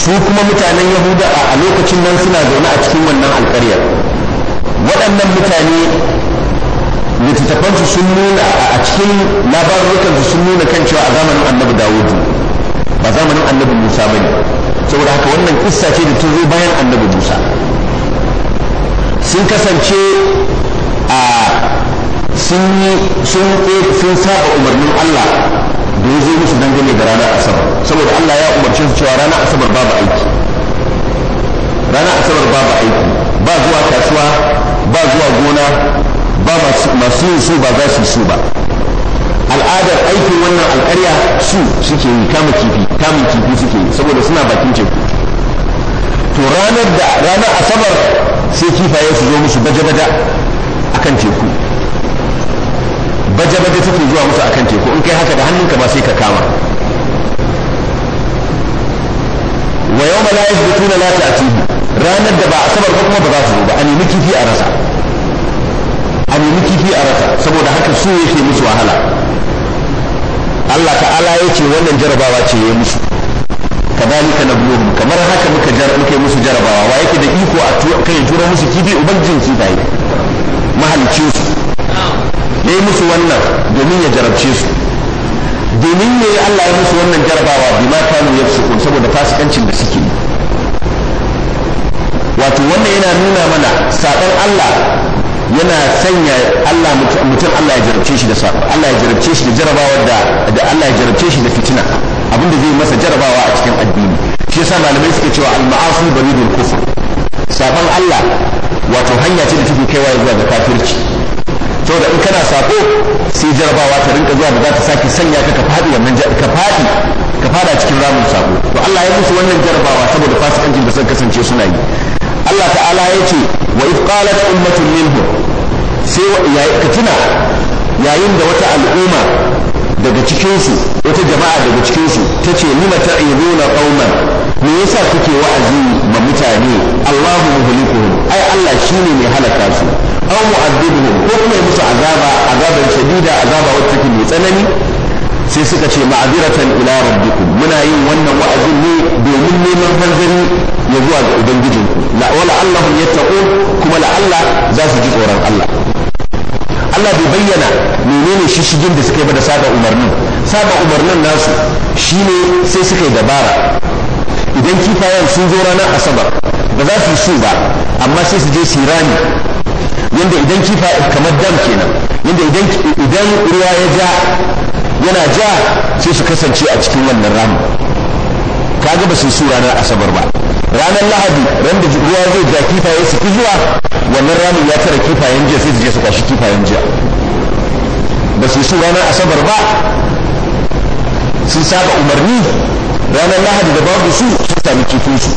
su kuma mutanen yahuda a lokacin nan suna zaune a cikin wannan alƙaryar waɗannan mutane littattafansu sun nuna a cikin labarukansu sun nuna kan cewa a zamanin annabi dawudu ba zamanin annabi musa ba ne saboda haka wannan kissa ce da ta zo bayan annabi musa sun kasance a sun yi sun saba umarnin allah da ya zo musu dangane da ranar asabar saboda allah ya umarci su cewa ranar asabar babu aiki ranar asabar babu aiki ba zuwa kasuwa ba zuwa gona ba masu yin su ba za su su ba al'adar aikin wannan alƙarya su suke yi kama kifi kamun kifi suke yi saboda suna bakin teku to ranar da ranar asabar sai kifaye su zo musu baje-baje kan teku baje-baje take zuwa musu a kan teku in kai haka da hannunka ba sai ka kama wa yau ma la lati a ranar da ba sabar ba kuma ba za su zo ba a nemi kifi a rasa a nemi kifi a rasa saboda haka su yake musu wahala Allah ta'ala ya ce wannan jarabawa ce ya musu kadalika na buhu kamar haka muka jar muka musu jarabawa wa yake da iko a kai tura musu kifi ubangijin dai mahalicin su ne musu wannan domin ya jarabce su domin ne Allah ya musu wannan jarabawa bima kanu yafsukun saboda fasikancin da suke yi wato wannan yana nuna mana saɓon Allah yana sanya Allah mutum Allah ya jarabce shi da saɓon Allah ya jarabce shi da jarabawa da Allah ya jarabce shi da fitina abinda zai masa jarabawa a cikin addini shi yasa malamai suke cewa al-ma'asi baridul kufr saɓon Allah wato hanya ce da take kaiwa zuwa ga kafirci saboda in kana sako sai jarabawa ta rinka zuwa da za ta sake sanya ka ka faɗi wannan ka faɗi ka fada cikin ramin sako to Allah ya musu wannan jarabawa saboda fasikancin da suka kasance suna yi Allah ta'ala ya ce wa ifqalat ummatun minhum sai ka tuna yayin da wata al'umma daga cikinsu wata jama'a daga cikinsu ta ce lima ta'izuna qauman me yasa kuke wa'azi ma mutane Allahu muhlikuhum ai Allah shine mai halaka su aw mu'adhibuhum ko kuma musu azaba azaban shadida azaba wacce take mai tsanani sai suka ce ma'aziratan ila rabbikum muna yin wannan wa'azin ne domin neman hanzari ya zuwa ga ubangijin la wala ya yattaqun kuma la Allah za su ji tsoron Allah Allah bai bayyana menene shi da suka yi ba da saba umarni saba umarnin nasu shine sai suka yi dabara idan kifayen sun zo ranar asabar ba za su so ba amma sai su je su rani yanda idan kifa kamar dam kenan yanda idan idan ruwa ya ja yana ja sai su kasance a cikin wannan ramin kaga ba su so ranar asabar ba ranar lahadi ran ruwa zai ja kifaye su fi zuwa wannan ranar ya tara kifayen jiya sai su je su kwashi kifayen jiya ba su su ranar asabar ba sun saba umarni ranar lahadi da babu su su sami kifin su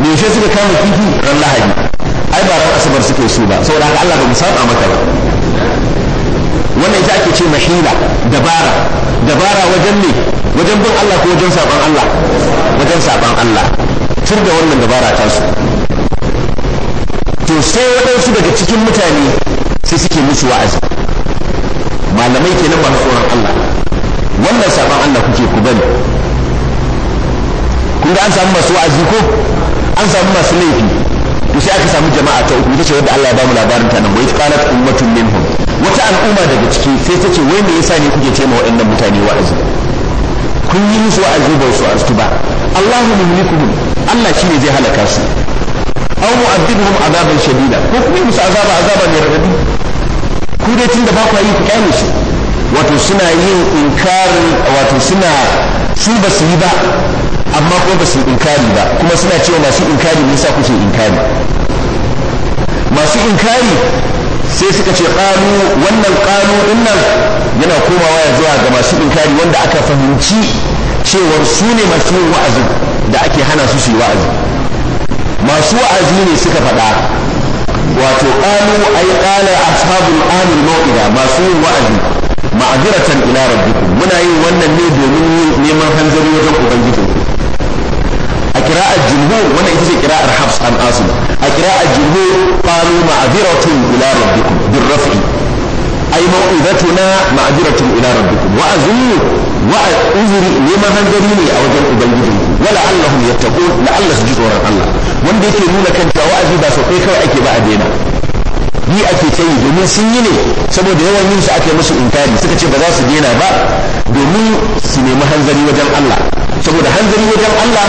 me yaushe suka kama kifi ran lahadi ai ba ran asabar suke su ba saboda haka Allah ba mu saba maka ba wannan ita ake ce mahila dabara dabara wajen ne wajen bin Allah ko wajen saban Allah wajen saban Allah tur da wannan dabara ta su to sai waɗansu daga cikin mutane sai suke musu wa'azi malamai kenan masu tsoron Allah wannan saban Allah kuke ku bane kun ga an samu masu wa'azi ko an samu masu laifi to sai aka samu jama'a ta uku ita ce wadda Allah ya ba mu labarin ta nan wai qalat ummatun minhum wata al'umma daga ciki sai ta ce wai me yasa ne kuke ce ma waɗannan mutane wa'azi kun yi musu wa'azi ba su arsu ba Allahu muhlikuhum Allah shi ne zai halaka su aw mu azaban shadida ko kuma musu azaba azaba mai radadi ku dai da ba ku yi ku kaine su wato suna yin inkari wato suna su ba su yi ba amma ko ba su inkari ba kuma suna cewa masu inkari ne sa kuke inkari masu inkari sai suka ce ƙalu wannan ƙalu dinnan yana komawa ya zuwa ga masu inkari wanda aka fahimci cewar su ne masu yin wa'azin da ake hana su su wa'azi masu wa'azi ne suka faɗa wato qalu ay qala ashabul amin mau'ida masu yin wa'azi ma'aziratan ila rabbikum muna yin wannan ne domin neman hanzari wajen ubangiji a kira'ar jumhur wannan ita ce kira'ar hafs an asim a kira'ar jumhur qalu ma'aziratun ila rabbikum bir raf'i ai mau'izatuna ma'aziratun ila rabbikum ne wa'azuri neman hanzari ne a wajen ubangiji wala allahum yattaqun la Allah su ji tsoron Allah wanda yake nuna kan wa'azi ba sau kai kawai ake ba a daina yi ake ta yi domin sun yi ne saboda yawan yin su ake musu inkari suka ce ba za su daina ba domin su nemi hanzari wajen Allah saboda hanzari wajen Allah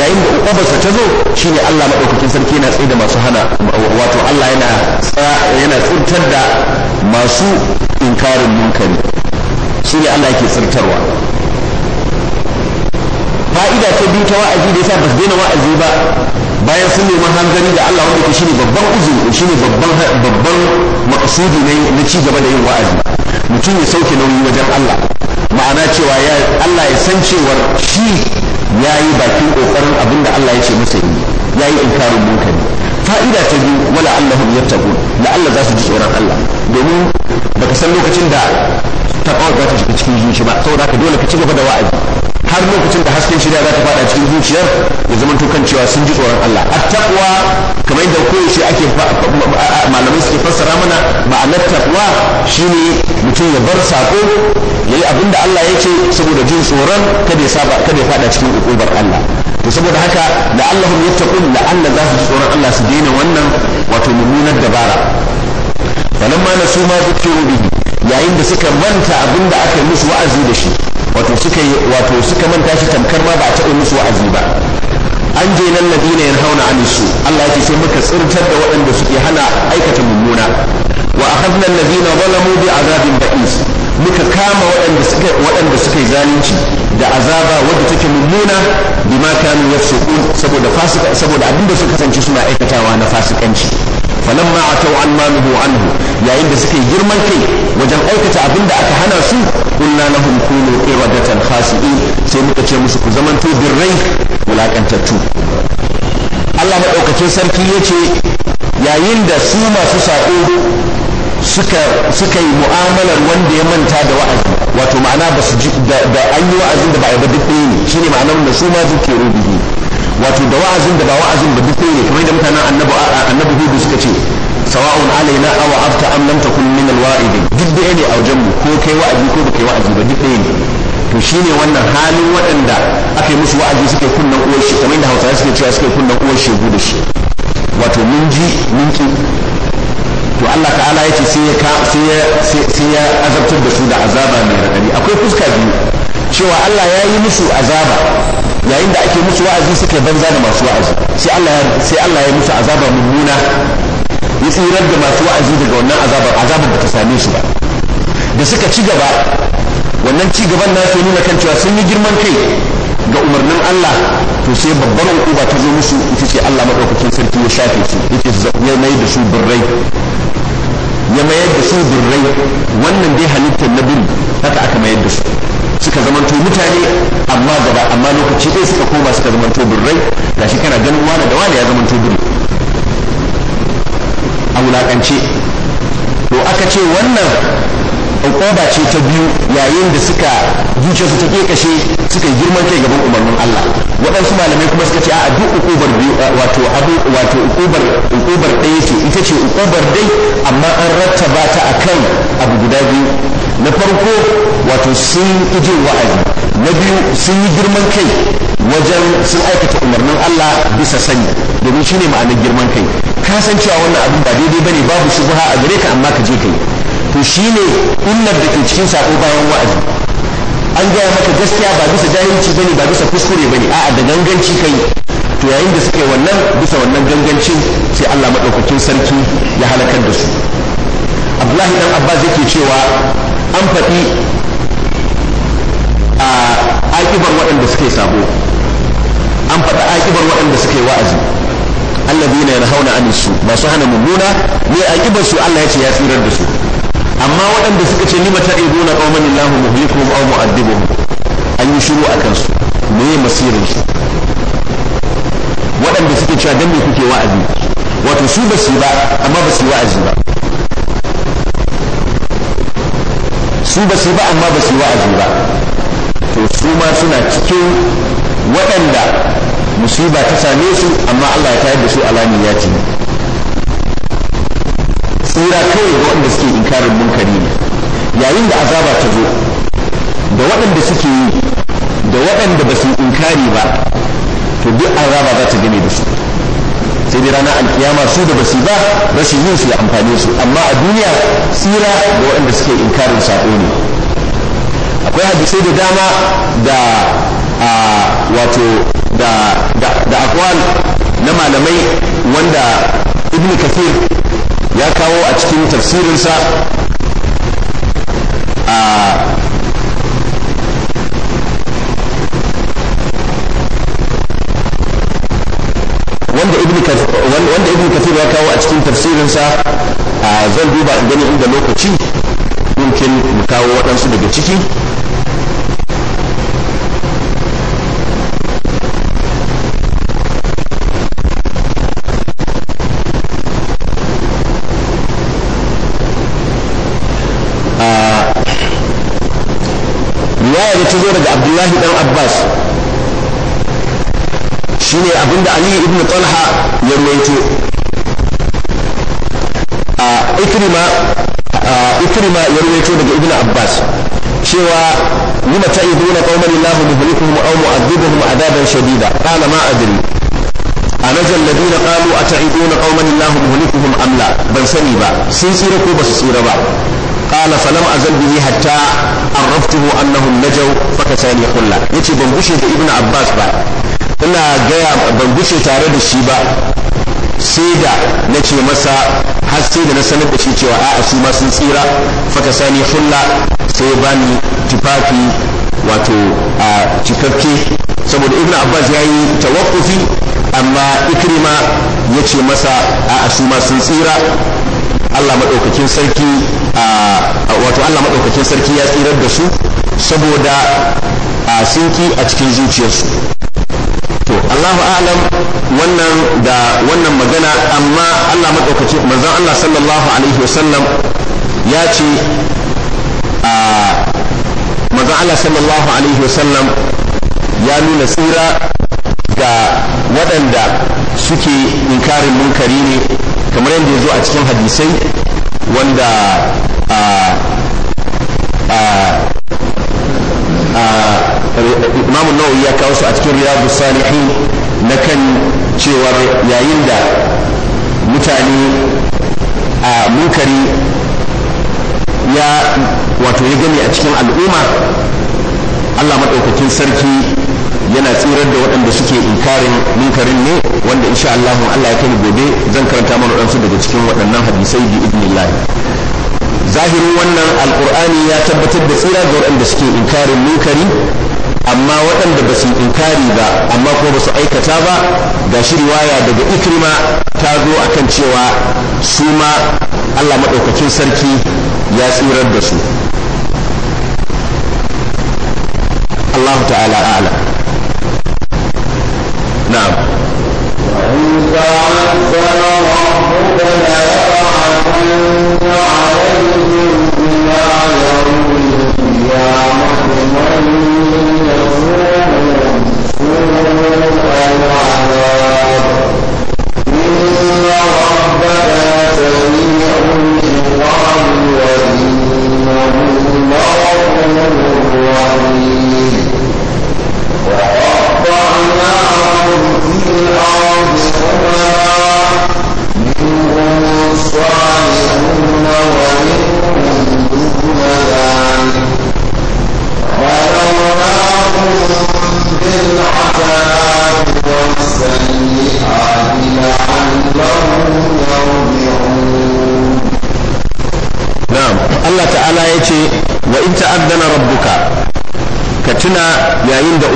yayin da ukubarsa ta zo shine Allah madaukakin sarki yana tsaye da masu hana wato Allah yana yana tsirtar da masu inkarin munkari shine Allah yake tsirtarwa fa'ida ta biyu ta wa'azi da yasa ba su daina wa'azi ba bayan sun nemi hanzari da Allah wanda ke ne babban uzuri shine babban babban maqsudi ne na ci gaba da yin wa'azi mutum ya sauke nauyi wajen Allah ma'ana cewa Allah ya san cewar shi yayi bakin ƙoƙarin abin da Allah ya ce masa yi ya yayi inkarin munkari fa'ida ta biyu wala allahum yattaqun la Allah za su ji tsoron Allah domin baka san lokacin da ta kawai za ta shiga cikin zuci ba saboda ka dole ka ci gaba da wa'azi har lokacin da hasken shirya za ta fada cikin zuciyar ya zama to cewa sun ji tsoron Allah at-taqwa kamar yadda koyaushe ake malamai suke fassara mana ma'anar taqwa shine mutum ya bar sako yayi abin da Allah ya ce saboda jin tsoron kada ya saba kada ya fada cikin ukubar Allah to saboda haka da Allahum yattaqun la Allah za su ji tsoron Allah su daina wannan wato mummunar dabara falamma nasu ma zukiru bihi yayin da suka manta abin da aka yi musu wa'azi da shi wato suka yi wato suka manta shi tamkar ma ba a taɓa musu wa'azi ba an je nan ladina yan hauna su Allah yake sai muka tsirtar da waɗanda suke hana aikata mummuna wa akhadna alladhina zalamu bi azabin ba'is muka kama waɗanda suka waɗanda suka yi zalunci da azaba wadda take mummuna bima kanu yafsukun saboda fasika saboda abinda suka kasance suna aikatawa na fasikanci falamma atau an ma nuhu anhu yayin da suka yi girman kai wajen aikata abin da aka hana su qulna lahum kunu qiradatan khasi'in sai muka ce musu ku zamanto birrai wulakantattu Allah maɗaukacin sarki ya ce yayin da su masu saƙo suka yi mu'amalar wanda ya manta da wa'azi wato ma'ana ba su da an yi wa'azin da ba a yi ba duk ɗaya ne shine ma'anar da su ma zuke rubi wato da wa'azin da ba wa'azin da duk ne kamar da mutanen annabi annabi hudu suka ce sawa'un alaina aw afta am lam takun min alwa'idi duk da ne a wajen mu ko kai wa'azi ko kai wa'azi ba duk ne to shine wannan halin waɗanda aka yi musu wa'azi suke kunnan uwar shi kamar da hausawa suke cewa suke kunnan uwar shi da shi wato mun ji mun ki to Allah ta'ala ya ce sai ya azabtar da su da azaba mai raɗaɗi akwai fuska biyu cewa Allah ya yi musu azaba yayin da ake musu wa'azi suka banza da masu wa'azi sai Allah sai Allah ya musu azaba mummuna ya tsirar da masu wa'azi daga wannan azabar azabar da ta same su ba da suka ci gaba wannan ci gaban na su nuna kan cewa sun yi girman kai ga umarnin Allah to sai babbar hukuma ta zo musu ita ce Allah madaukakin sarki ya shafe su yake ya mai da su birrai ya mayar da su birrai wannan dai halittar na bin haka aka mayar da su suka zamanto mutane amma gaba amma lokaci ɗaya suka koma suka zamanto birrai shi kana ganin wani da wani ya zamanto a wulaƙance to aka ce wannan ƙoba ce ta biyu yayin da suka zuciya su ta kekashe suka yi girman kai gaban umarnin Allah waɗansu malamai kuma suka ce a duk ukubar biyu eh, wato ɗaya ce ita ce ukubar dai amma an rattaba ta a kan abu guda biyu na farko wato sun ije wa'azi na biyu sun yi girman kai wajen sun aikata umarnin Allah bisa sani domin shi ne ma'anar girman kai ka san cewa wannan abin ba daidai bane babu shubha a gare ka amma ka je kai to shine illar da ke cikin sako bayan wa'azi an gaya maka gaskiya ba bisa jahilci bane ba bisa kuskure bane a'a da ganganci kai to yayin da suke wannan bisa wannan gangancin sai Allah madaukakin sarki ya halakar da su Abdullahi dan Abbas yake cewa an faɗi a akibar waɗanda suke sabo an faɗi akibar waɗanda suke wa'azi allah na yana hauna su masu hana mummuna ne a su Allah ya ce ya tsirar da su amma waɗanda suka ce lima ta'ibuna qauman illahu muhlikuhum aw mu'addibuhum an yi shiru a kansu ne masirin su waɗanda suke cewa don me kuke wa'azi wato su ba su ba amma ba su wa'azi ba su ba su ba amma ba su wa'azi ba to su ma suna cikin waɗanda musiba ta same su amma Allah ya tayar da su alamin ya ce tsira kai ga waɗanda suke inkarin munkari ne yayin da azaba ta zo da waɗanda suke yi da waɗanda ba su inkari ba to duk azaba za ta gane da su sai dai ranar alkiyama su da basu ba rashin yin su ya amfani su amma a duniya tsira da waɗanda suke inkarin sako ne akwai hadisai da dama da a wato da akwal na malamai wanda ibn kafir ya kawo a cikin tafsirinsa a wanda ibn wanda ya kawo a cikin tafsirinsa zan duba in gani inda lokaci mumkin mu kawo waɗansu daga ciki wanda ali ibn talha ya rawaito a ikrima ikrima ya rawaito daga ibn abbas cewa lima ta'iduna qauman illahu muhlikuhum aw shadida ma adri ladina ban sani ba sun tsira ko ba su tsira ba قال فلم أزل به حتى عرفته kulla ya ce ban يتي ga ابن abbas ba. ina gaya ban guce tare da shi ba sai da na ce masa har sai da na sanar da shi cewa a'a su ma sun tsira faka sani hulla sai ya bani tufafi wato a cikakke saboda ibn abbas ya yi tawakkufi amma ikrima ya ce masa a'a su ma sun tsira allah maɗaukakin sarki wato allah maɗaukakin sarki ya tsirar da su saboda a sinki a cikin zuciyarsu to Allahu a'lam wannan da wannan magana amma Allah madaukaki manzon Allah sallallahu alaihi wasallam ya ce a manzon Allah sallallahu alaihi wasallam ya nuna tsira ga waɗanda suke inkarin munkari ne kamar yadda ya zo a cikin hadisai wanda a imam nawawi ya kawo su a cikin riyadu salihin na kan cewar yayin da mutane a munkari ya wato ya gani a cikin al'umma allah maɗaukakin sarki yana tsirar da waɗanda suke inkarin munkarin ne wanda insha Allah ya kai gobe zan karanta mana ɗansu daga cikin waɗannan hadisai bi idnillahi zahirin wannan alkur'ani ya tabbatar da tsira ga waɗanda suke inkarin munkari amma waɗanda ba su inkari ba amma kuma ba su aikata ba ga shi riwaya daga ikrima ta zo akan cewa su ma allah maɗaukakin sarki ya tsirar da su allah ta'ala ala na'am وإذا ربنا يبعثن عليهم Thank you.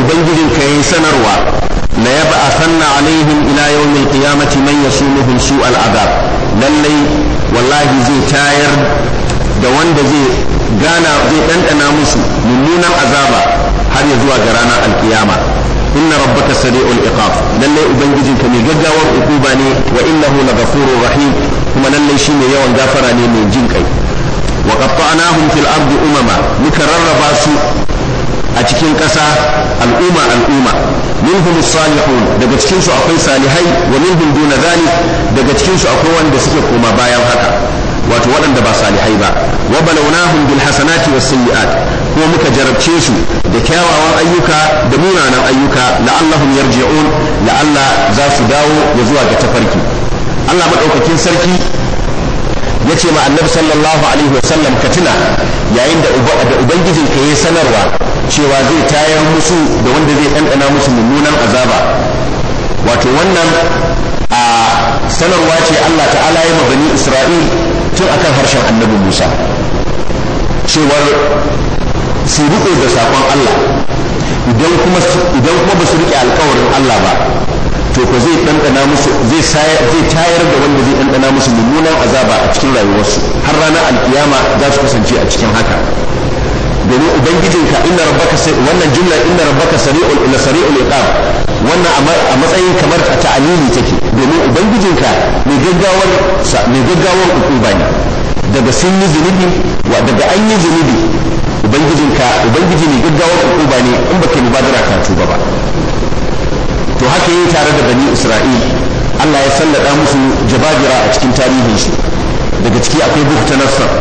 ubangijin ka yayi sanarwa na la yab'athanna alaihim ila mai qiyamati man yasumuhum su adab lallai wallahi zai tayar da wanda zai gana zai dandana musu mummunan azaba har ya zuwa ga ranar alkiyama inna rabbaka sari'ul iqab lallai ubangijin ka mai gaggawar ukuba ne wa innahu laghafurur rahim kuma lallai shine yawan gafara ne mai jin kai wa qatta'nahum fil ardi umama muka rarraba su a cikin ƙasa al'umma al'umma minhum salihun daga cikin su akwai salihai wa minhum duna zalik daga cikin su akwai wanda suke koma bayan haka wato waɗanda ba salihai ba wa balawnahum bil hasanati was sayyi'at kuma muka jarabce su da kyawawan ayyuka da munanan ayyuka la'allahum yarji'un la'alla za su dawo ya zuwa ga tafarki Allah madaukakin sarki ya ce ma annabi sallallahu alaihi wasallam ka tuna yayin da ubangijinka ya sanarwa cewa zai tayar musu da wanda zai ɗanɗana musu mummunan azaba wato wannan a sanarwa ce Allah ta'ala ya bani Isra'il tun akan harshen annabi Musa cewar su riƙe da saƙon Allah idan kuma idan kuma ba su riƙe alƙawarin Allah ba to ko zai ɗanɗana musu zai zai tayar da wanda zai ɗanɗana musu mummunan azaba a cikin rayuwarsu har ranar alkiyama za su kasance a cikin haka domin ubangijinka inna rabbaka wannan jumla inna rabbaka sari'ul ila sari'ul iqab wannan a matsayin kamar ta'alimi take domin ubangijinka mai gaggawar mai gaggawar hukuma ne daga sun yi zunubi wa daga an yi zunubi ubangijinka ubangiji mai gaggawar hukuma ne in baka badara ka tuba ba to haka yi tare da bani isra'il Allah ya sallada musu jabajira a cikin tarihin shi daga ciki akwai bukta nassar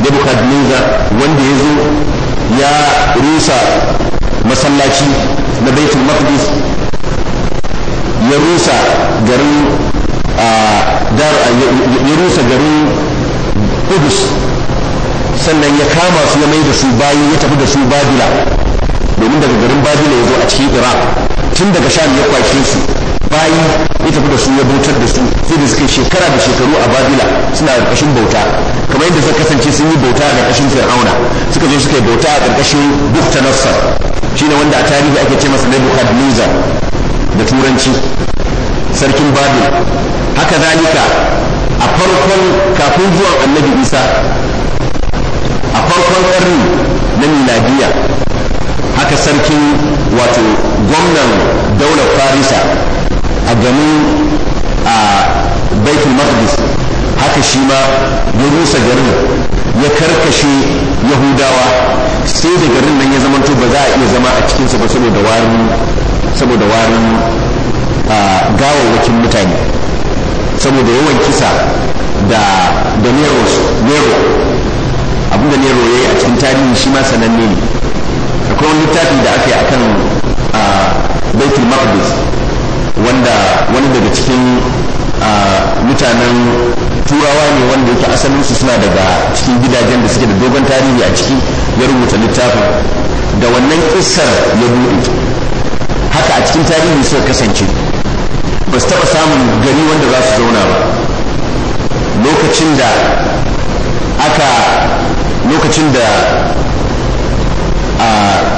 nebukadnezar wanda ya zo ya rusa masallaci na baitul maqdis ya rusa garin ya rusa garin kudus sannan ya kama su ya mai da su bayi ya tafi da su babila domin daga garin babila ya zo a cikin iraq tun daga sham ya kwashe su bayi ya tafi da su ya bautar da su sai da suka shekara da shekaru a babila suna ƙarƙashin bauta kamar yadda suka kasance sun yi bauta a ƙarƙashin fir'auna suka zo suka yi bauta a ƙarƙashin bukta nassar ne wanda a tarihi ake ce masa nebuchadnezzar da turanci sarkin babil haka zalika a farkon kafin zuwan annabi isa a farkon ƙarni na miladiya haka sarkin wato gwamnan daular farisa a ganin a baitul maqdis haka shi ma ya rusa garin ya karkashe yahudawa sai da garin nan ya zamanto ba za a iya zama a cikinsa ba saboda warin saboda warin mutane saboda yawan kisa da da nero abinda nero ya yi a cikin tarihi shi ma sananne ne akwai wani littafi da aka yi a kan baitul maqdis wanda wani daga cikin mutanen turawa ne wanda yake asalinsu suna daga cikin gidajen da suke da dogon tarihi a ciki ya rubuta littafin da wannan kissar ya buɗe haka a cikin tarihi suka kasance ba su taɓa samun gari wanda za su zauna ba lokacin da aka lokacin da a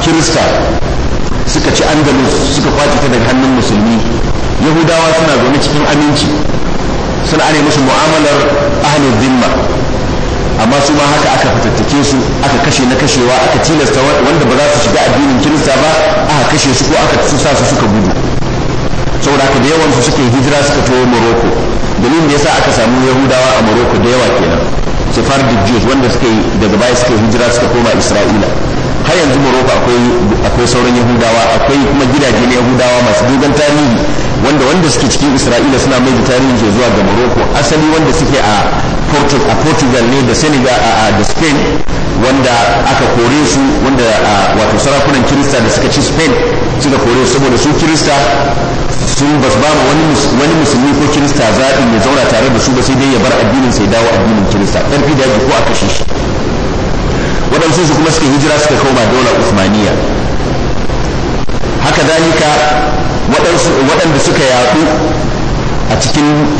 kirista suka ci andalus suka kwace ta daga hannun musulmi yahudawa suna zaune cikin aminci sun ne musu mu'amalar ahlul zimma amma su ma haka aka fitattake su aka kashe na kashewa aka tilasta wanda ba za su shiga addinin kirista ba aka kashe su ko aka sa su suka gudu saboda haka da yawan su suke hijira suka tawo morocco dalilin da yasa aka samu yahudawa a morocco da yawa kenan sefardid jews wanda suke daga baya suke hijira suka koma isra'ila har yanzu Morocco akwai sauran Yahudawa akwai kuma gidaje na Yahudawa masu dogon tarihi wanda wanda suke cikin Isra'ila suna mai tarihi ke zuwa ga Morocco asali wanda suke a a Portugal ne da Senegal a da Spain wanda aka kore su wanda wato sarakunan Kirista da suka ci Spain suka kore su saboda su Kirista sun ba ba wani musulmi ko Kirista zaɓi ya zauna tare da su ba sai dai ya bar addinin sai dawo addinin Kirista ɗan da ko a kashe shi waɗansu su kuma suke hijira suka koma dola usmaniya haka zalika waɗanda suka yaɗu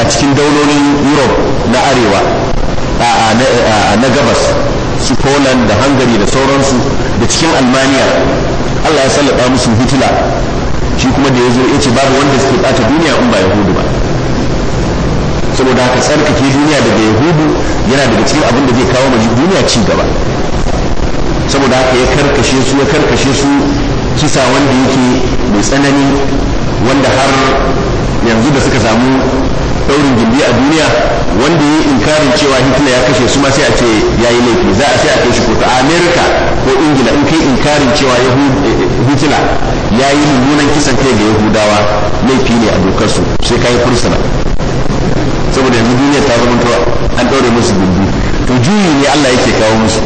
a cikin daulolin europe na arewa na gabas su poland da hungary da sauransu da cikin almaniya allah ya sallaba musu hitler shi kuma da ya zo ya ce babu wanda suke bata duniya in ba yahudu ba saboda haka tsarkake duniya daga yahudu yana daga cikin abin da zai kawo ma duniya ci gaba saboda haka ya karkashe su ya karkashe su kisa wanda yake mai tsanani wanda har yanzu da suka samu daurin gindi a duniya wanda ya inkarin cewa hitler ya kashe su ma sai a ce ya yi laifi za a sai a kai shi kotu a america ko ingila in kai inkarin cewa hitler ya yi mummunan kisan kai ga yahudawa laifi ne a dokar sai ka yi fursuna saboda yanzu duniya ta zama an daure musu gindi to juyi ne allah yake kawo musu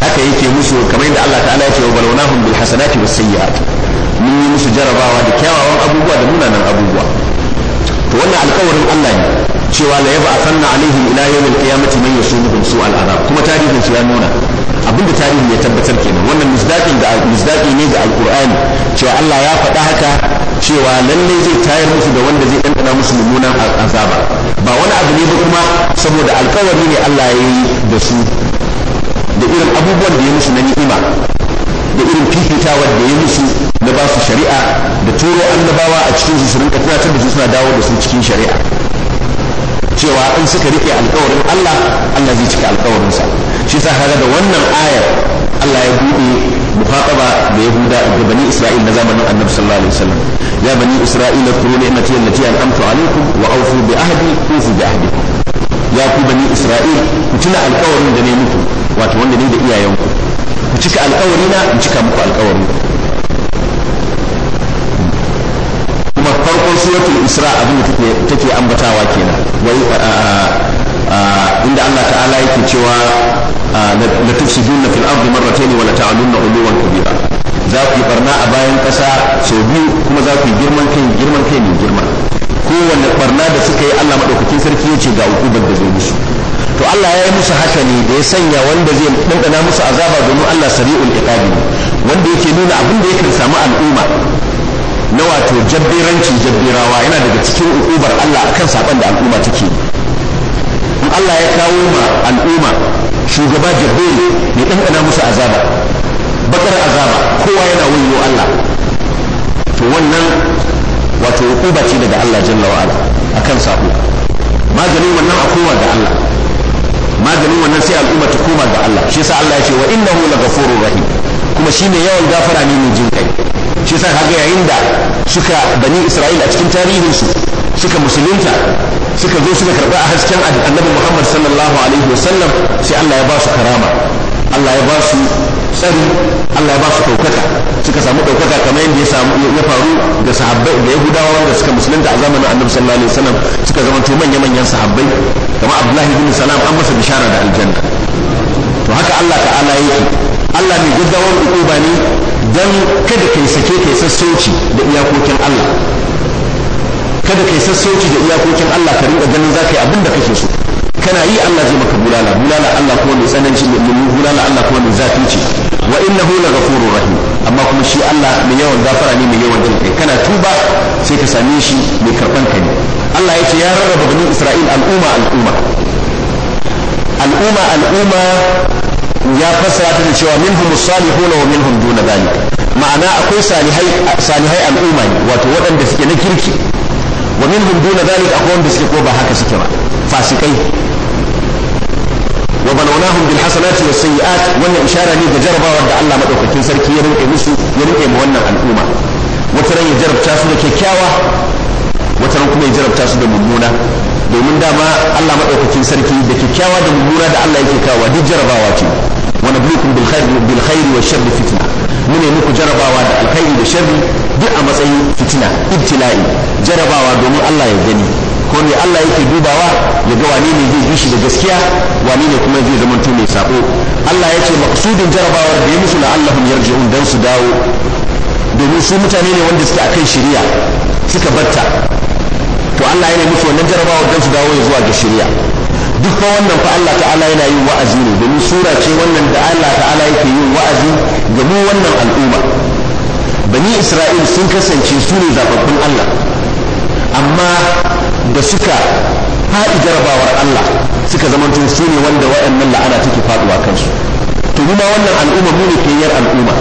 haka yake musu kamar yadda Allah ta'ala ya ce wa balwanahum bil hasanati was sayyi'at mun yi musu jarabawa da kyawawan abubuwa da munanan abubuwa to wannan alƙawarin Allah ne cewa la yab'athanna alaihim ila yawmil qiyamati man yasumuhum su'al azab kuma tarihin su ya nuna abinda tarihi ya tabbatar kenan wannan misdaqin da misdaqi ne ga alqur'ani cewa Allah ya faɗa haka cewa lalle zai tayar musu da wanda zai ɗanɗana musu mummunan azaba ba wani abu ne ba kuma saboda alkawari ne Allah ya yi da su da irin abubuwan da ya musu na ni'ima da irin fifita da ya musu na ba su shari'a da turo annabawa a cikin su rinka tunatar da su suna dawo da su cikin shari'a cewa in suka rike alkawarin Allah Allah zai cika alkawarinsa shi yasa kaga da wannan ayar Allah ya buɗe muhaqaba da Yahuda da bani Isra'il na zamanin Annabi sallallahu alaihi wasallam ya bani Isra'il kuru ni'mati allati an'amtu alaikum wa awfu bi ahdi ufu bi ahadi ya ku bani Isra'il ku tuna alkawarin da ne muku wato wanda ne da iyayenku ku cika alkawari na in cika muku alkawari kuma farkon suratul isra abin da take ambatawa kenan wai inda Allah ta'ala yake cewa la tufsiduna fil ardi marratayn wa la ta'lunna uluwan kabira za ku barna a bayan kasa sau biyu kuma za ku yi girman kai girman kai ne girma kowanne barna da suka yi Allah madaukakin sarki ya ce ga hukubar da zai musu to Allah ya yi musu haka ne da ya sanya wanda zai ɗanɗana musu azaba domin Allah sari'ul iqabi wanda yake nuna abin da yakan samu al'umma na wato jabbiranci jabbirawa yana daga cikin ukubar Allah akan saban da al'umma take in Allah ya kawo ma al'umma shugaba jabbiri ne ɗanɗana musu azaba bakar azaba kowa yana wayo Allah to wannan wato ukuba ce daga Allah jalla wa'ala akan sabo maganin wannan a kowa ga Allah maganin wannan sai al'umma ta koma ga Allah shi yasa Allah ya ce wa innahu laghafurur rahim kuma shine yawan gafara ne mai jin kai shi yasa kaga yayin da suka bani Isra'ila a cikin tarihin su suka musulunta suka zo suka karba a hasken annabi Muhammad sallallahu alaihi wasallam sai Allah ya ba su karama Allah ya ba su tsari Allah ya ba su ɗaukaka suka samu ɗaukaka kamar yadda ya samu ya faru ga sahabbai da yahudawa wanda suka musulunta a zamanin annabi sallallahu alaihi wasallam suka zama to manya manyan sahabbai kamar abdullahi bin salam an masa bishara da aljanna to haka Allah ta'ala yake Allah mai gaggawar ukuba ne dan kada kai sake kai sassauci da iyakokin Allah kada kai sassauci da iyakokin Allah ka rinka ganin zaka yi abin da kake so kana yi Allah zai maka bulala bulala Allah kuma mai tsananci mai bulala Allah kuma mai zafi ce wa innahu laghafurur rahim amma kuma shi Allah mai yawan gafara ne mai yawan jin kana tuba sai ka same shi mai karban ka ne Allah ya ce ya rarraba bani Isra'il al'umma al'umma al'umma al'umma ya fassara ta da cewa minhum salihuna wa minhum duna zalik ma'ana akwai salihai salihai al'umma ne wato waɗanda suke na kirki wa minhum duna zalik akwai wanda suke ko ba haka suke ba fasikai wa balawnahum bil hasanati was sayyi'at wannan ishara ne da jarabawar da Allah madaukakin sarki ya rinke musu ya rinke mu wannan al'umma wata ran ya jarabta su da kyakkyawa wata ran kuma ya jarabta su da mummuna domin dama Allah madaukakin sarki da kyakkyawa da mummuna da Allah ya kawo duk jarabawa ce wa nabluukum bil khairi bil khairi wash sharri fitna mune muku jarabawa da alkhairi da sharri duk a matsayin fitina ibtila'i jarabawa domin Allah ya gani ko ne Allah yake dubawa ya ga wane ne zai yi shi da gaskiya wani ne kuma zai zama mai sako Allah ya ce maqsudin jarabawar da ya musu la'allahum yarji'un dan su dawo domin su mutane ne wanda suke akan shari'a suka batta to Allah yana nufi wannan jarabawar dan su dawo ya zuwa ga shari'a duk fa wannan fa Allah ta'ala yana yin wa'azi ne domin sura ce wannan da Allah ta'ala yake yin wa'azi ga mu wannan al'umma bani Isra'il sun kasance su ne zababbun Allah amma da suka faɗi jarabawar Allah suka zamanto su ne wanda waɗannan la'ana take faɗuwa kansu to mu wannan al'umma mu ne yar al'umma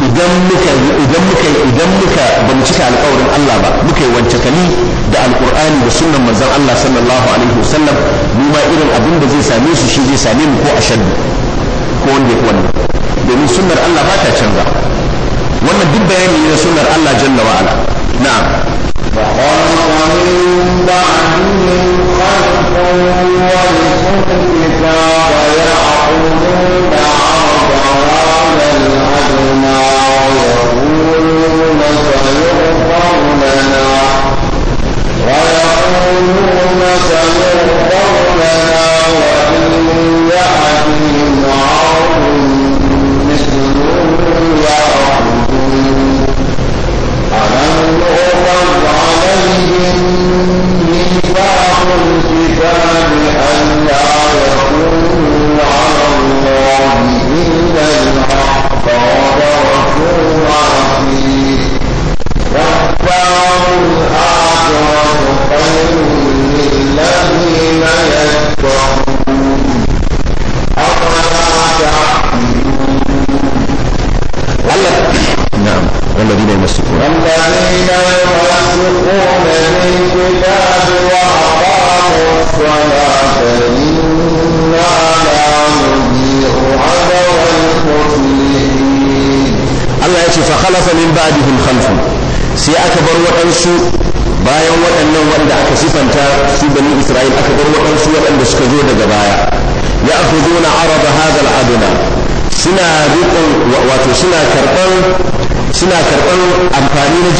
idan muka idan muka idan muka ba mu cika alƙawarin Allah ba muka yi wance kali da alƙur'ani da sunnan manzon Allah sallallahu alaihi wasallam mu ma irin abin da zai same su shi zai same mu ko ashaddu ko wanda ya wannan domin sunnar Allah ba ta canza wannan duk bayani na sunnar Allah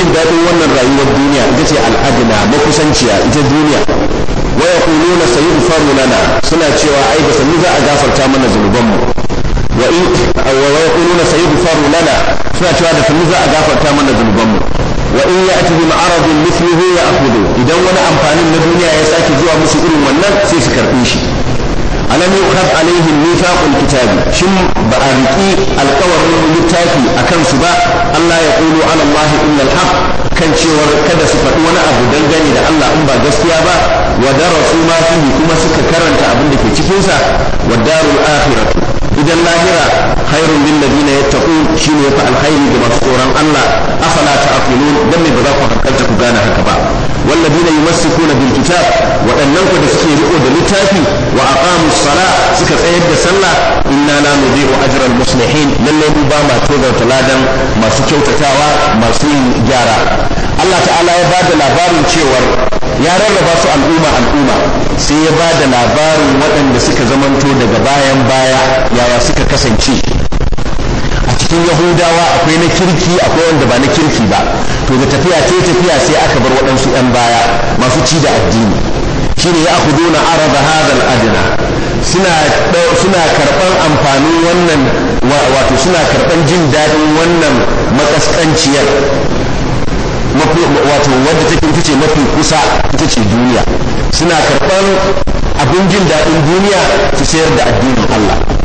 jin daɗin wannan rayuwar duniya ita ce al'adina makusanciya ita duniya wa yaquluna sayughfaru lana suna cewa ai da sanu za a gafarta mana zunubanmu wa in na yaquluna sayughfaru lana suna cewa da sanu za a gafarta mana zunubanmu wa in ya'tihim aradun mithluhu ya'khudhu idan wani amfanin na duniya ya sake zuwa musu irin wannan sai su karɓi shi alam yukhaf alaihim mithaqul kitabi shin ba a riki alƙawarin littafi akan su ba Allah ya kulu ala Allah innal haq kan cewar kada su faɗi wani abu dangane da Allah in ba gaskiya ba wa darasu ma fihi kuma suka karanta abin da ke cikin sa wa darul akhirah idan lahira khairun lil ladina yattaqun shine fa alkhairi da masu tsoron Allah afala ta'qilun dan me ba za ku hankalta ku gane haka ba والذين يمسكون بالكتاب وأنهم قد سكيرئوا للتافي وأقاموا الصلاة سكت سيد سلا إنا لا نضيع أجر المصلحين من الذي با ما توضع تلادا ما سكيو تتاوى ما سين جارا الله تعالى يباد لابار تشور ya rarraba su al'umma al'umma sai ya ba da labarin waɗanda suka zamanto daga bayan baya yaya suka kasance cikin yahudawa akwai na kirki akwai wanda ba na kirki ba to da tafiya ce tafiya sai aka bar waɗansu 'yan baya masu ci da addini shine ya kudu na araba hadal adina suna karɓar amfanin wannan wato suna karɓar jin daɗin wannan makaskanciyar wato wadda take ita ce mafi kusa ita ce duniya suna karɓar abin jin daɗin duniya su sayar da addinin Allah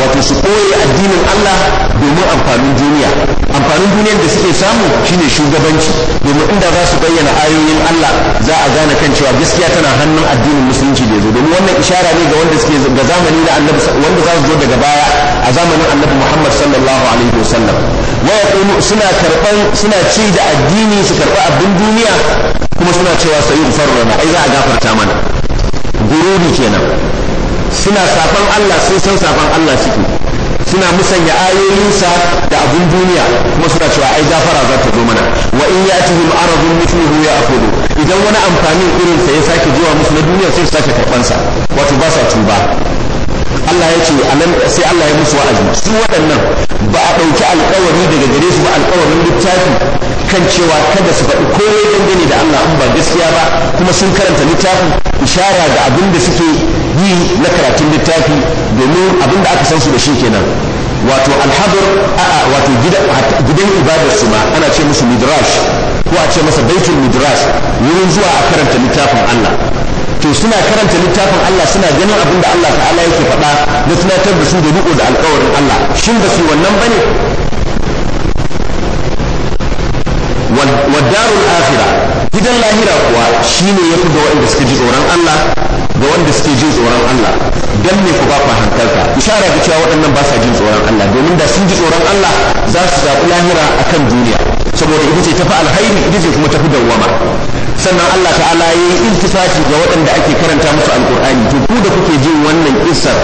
wato su koyi addinin Allah domin amfanin duniya amfanin duniyar da suke samu shine shugabanci domin inda za su bayyana ayoyin Allah za a gane kan cewa gaskiya tana hannun addinin musulunci da zo domin wannan ishara ne ga wanda suke ga zamani da annabi wanda za su zo daga baya a zamanin annabi Muhammad sallallahu alaihi wasallam wa yaqulu suna karban suna ci da addini su karba abin duniya kuma suna cewa sayyid farrana ai za a gafarta mana gururi kenan suna safan Allah sun san safan Allah suke suna musanya ayoyinsa da abun duniya kuma suna cewa ai zafara za ta zo mana wa in yatihim aradun mithluhu ya'khudhu idan wani amfani irin sa ya sake zuwa musu na duniya sai su sake karban sa wato ba sa tuba Allah ya ce anan sai Allah ya musu wa'azi su waɗannan ba a ɗauki alƙawari daga gare su ba alƙawarin littafi kan cewa kada su faɗi komai dangane da Allah in ba gaskiya ba kuma sun karanta littafin ishara da abin da suke biyu na karatun littafi domin abin da aka san su da shi kenan wato alhabar a'a wato gidan ibadar su ma ana ce musu midrash ko a ce masa baitul midrash wurin zuwa a karanta littafin Allah to suna karanta littafin Allah suna ganin abin da Allah ta'ala yake faɗa na tunatar da su da riko da alƙawarin Allah shin ba su wannan bane wadarul akhirah gidan lahira kuwa shine yafi ga waɗanda suka ji tsoron Allah ga wanda suke jin tsoron Allah dan ne ku ba ku hankalta ishara ga cewa waɗannan ba sa jin tsoron Allah domin da sun ji tsoron Allah za su zaɓi lahira akan duniya saboda ita ce tafi alhairi ita ce kuma tafi dawwama sannan Allah ta'ala ya yi iltifati ga waɗanda ake karanta musu alkur'ani to ku da kuke jin wannan kissar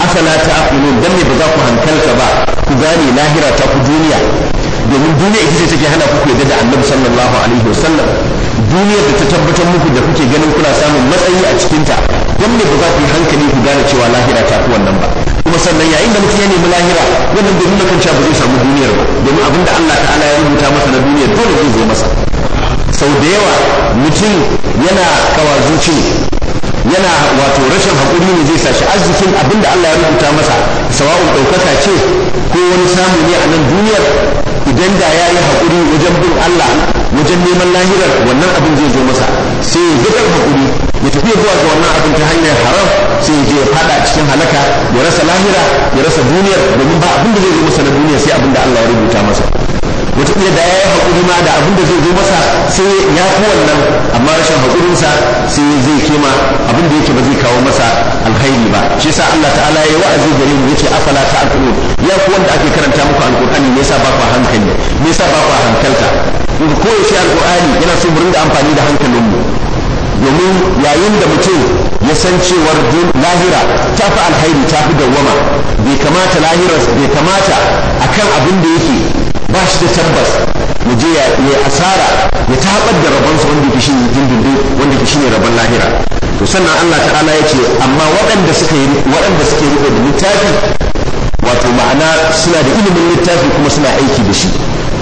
afala ta'qilun dan ne ba za ku hankalta ba ku gane lahira ta ku duniya domin duniya ita ce take hana ku yadda da annabi sallallahu alaihi wasallam duniyar da ta tabbatar muku da kuke ganin kuna samun matsayi a cikinta dan ne ba za ku yi hankali ku gane cewa lahira ta fi wannan ba kuma sannan yayin da mutum ya nemi lahira wannan bai nuna kan ba zai samu duniyar ba domin abin da Allah ta'ala ya rubuta masa na duniyar dole zai zo masa sau da yawa mutum yana kawazuci yana wato rashin haƙuri ne zai sashi arzikin abin da Allah ya rubuta masa sawa'un ɗaukaka ce ko wani samu ne a nan duniyar idan da ya yi haƙuri wajen bin Allah wajen neman lahirar wannan abin zai zo masa sai ya haƙuri ya tafi zuwa ga wannan abin ta hanyar haram sai ya je ya fada cikin halaka ya rasa lahira ya rasa duniyar domin ba abin da zai zo masa na duniya sai abin da Allah ya rubuta masa wata iya da ya yi haƙuri ma da abin da zai zo masa sai ya fi wannan amma rashin haƙurinsa sai zai kema abin da yake ba zai kawo masa alkhairi ba shi yasa Allah ta'ala ya yi wa'azi gare mu yace afala ta'qilun ya ku wanda ake karanta muku alqur'ani me yasa ba ku hankali me yasa ba ku hankalta ko yaushe alqur'ani yana so mu rinda amfani da hankalin mu domin yayin da mutum ya san cewar lahira ta fi alhairi ta fi dawwama bai kamata lahira bai kamata kan abin da yake ba shi da tabbas mu je ya yi asara ya tabar da rabonsa wanda ke shi dindindin wanda ke shi ne rabon lahira to sannan Allah ta'ala ya ce amma waɗanda suka yi waɗanda suke riko da littafi wato ma'ana suna da ilimin littafi kuma suna aiki da shi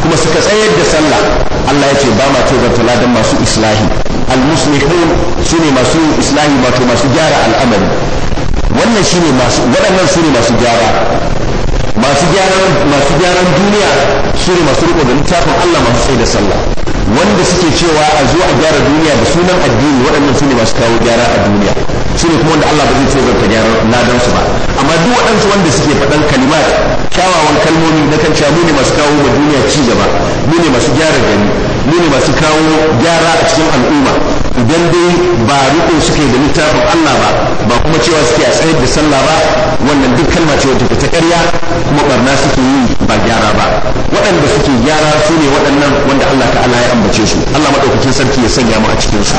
kuma suka tsayar da sallah Allah ya ce ba ma tala ladan masu islahi al-muslihun shine masu islahi wato masu gyara al'amari wannan shine masu waɗannan su ne masu gyara masu gyaran masu gyaran duniya su ne masu riko da littafin Allah masu tsaye da sallah wanda suke cewa a zo a gyara duniya da sunan addini waɗannan su ne masu kawo gyara a duniya su ne kuma wanda Allah ba zai ta gyara ladan su ba amma duk waɗansu wanda suke faɗan kalimat kyawawan kalmomi na kan cewa mu ne masu kawo wa duniya ci gaba mu ne masu gyara gani mu ne masu kawo gyara a cikin al'umma idan dai ba riko suke da littafin Allah ba ba kuma cewa suke a tsayar da sallah ba wannan duk kalma ce wadda ta ƙarya kuma barna suke yi ba gyara ba waɗanda suke gyara su ne waɗannan wanda Allah ta'ala ya ambace su Allah maɗaukakin sarki ya sanya mu a cikin su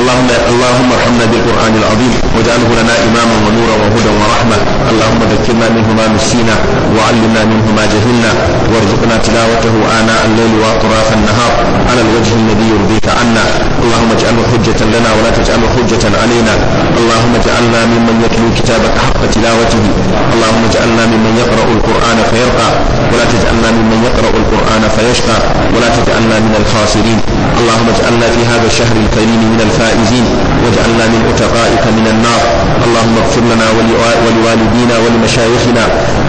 اللهم اللهم ارحمنا بالقران العظيم واجعله لنا اماما ونورا وهدى ورحمه اللهم ذكرنا منه ما نسينا وعلمنا منه ما جهلنا وارزقنا تلاوته اناء الليل واطراف النهار على الوجه الذي يرضيك عنا اللهم اجعله حجه لنا ولا تجعله حجه علينا اللهم اجعلنا ممن يتلو كتابك حق تلاوته اللهم اجعلنا ممن يقرا القران فيرقى ولا تجعلنا ممن يقرا القران فيشقى ولا تجعلنا من الخاسرين اللهم اجعلنا في هذا الشهر الكريم من الفاسرين الفائزين واجعلنا من أتقائك من النار اللهم اغفر لنا ولوالدينا ولمشايخنا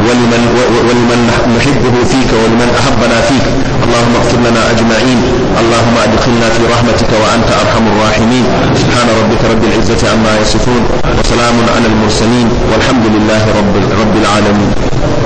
ولمن, ولمن نحبه فيك ولمن أحبنا فيك اللهم اغفر لنا أجمعين اللهم أدخلنا في رحمتك وأنت أرحم الراحمين سبحان ربك رب العزة عما يصفون وسلام على المرسلين والحمد لله رب, رب العالمين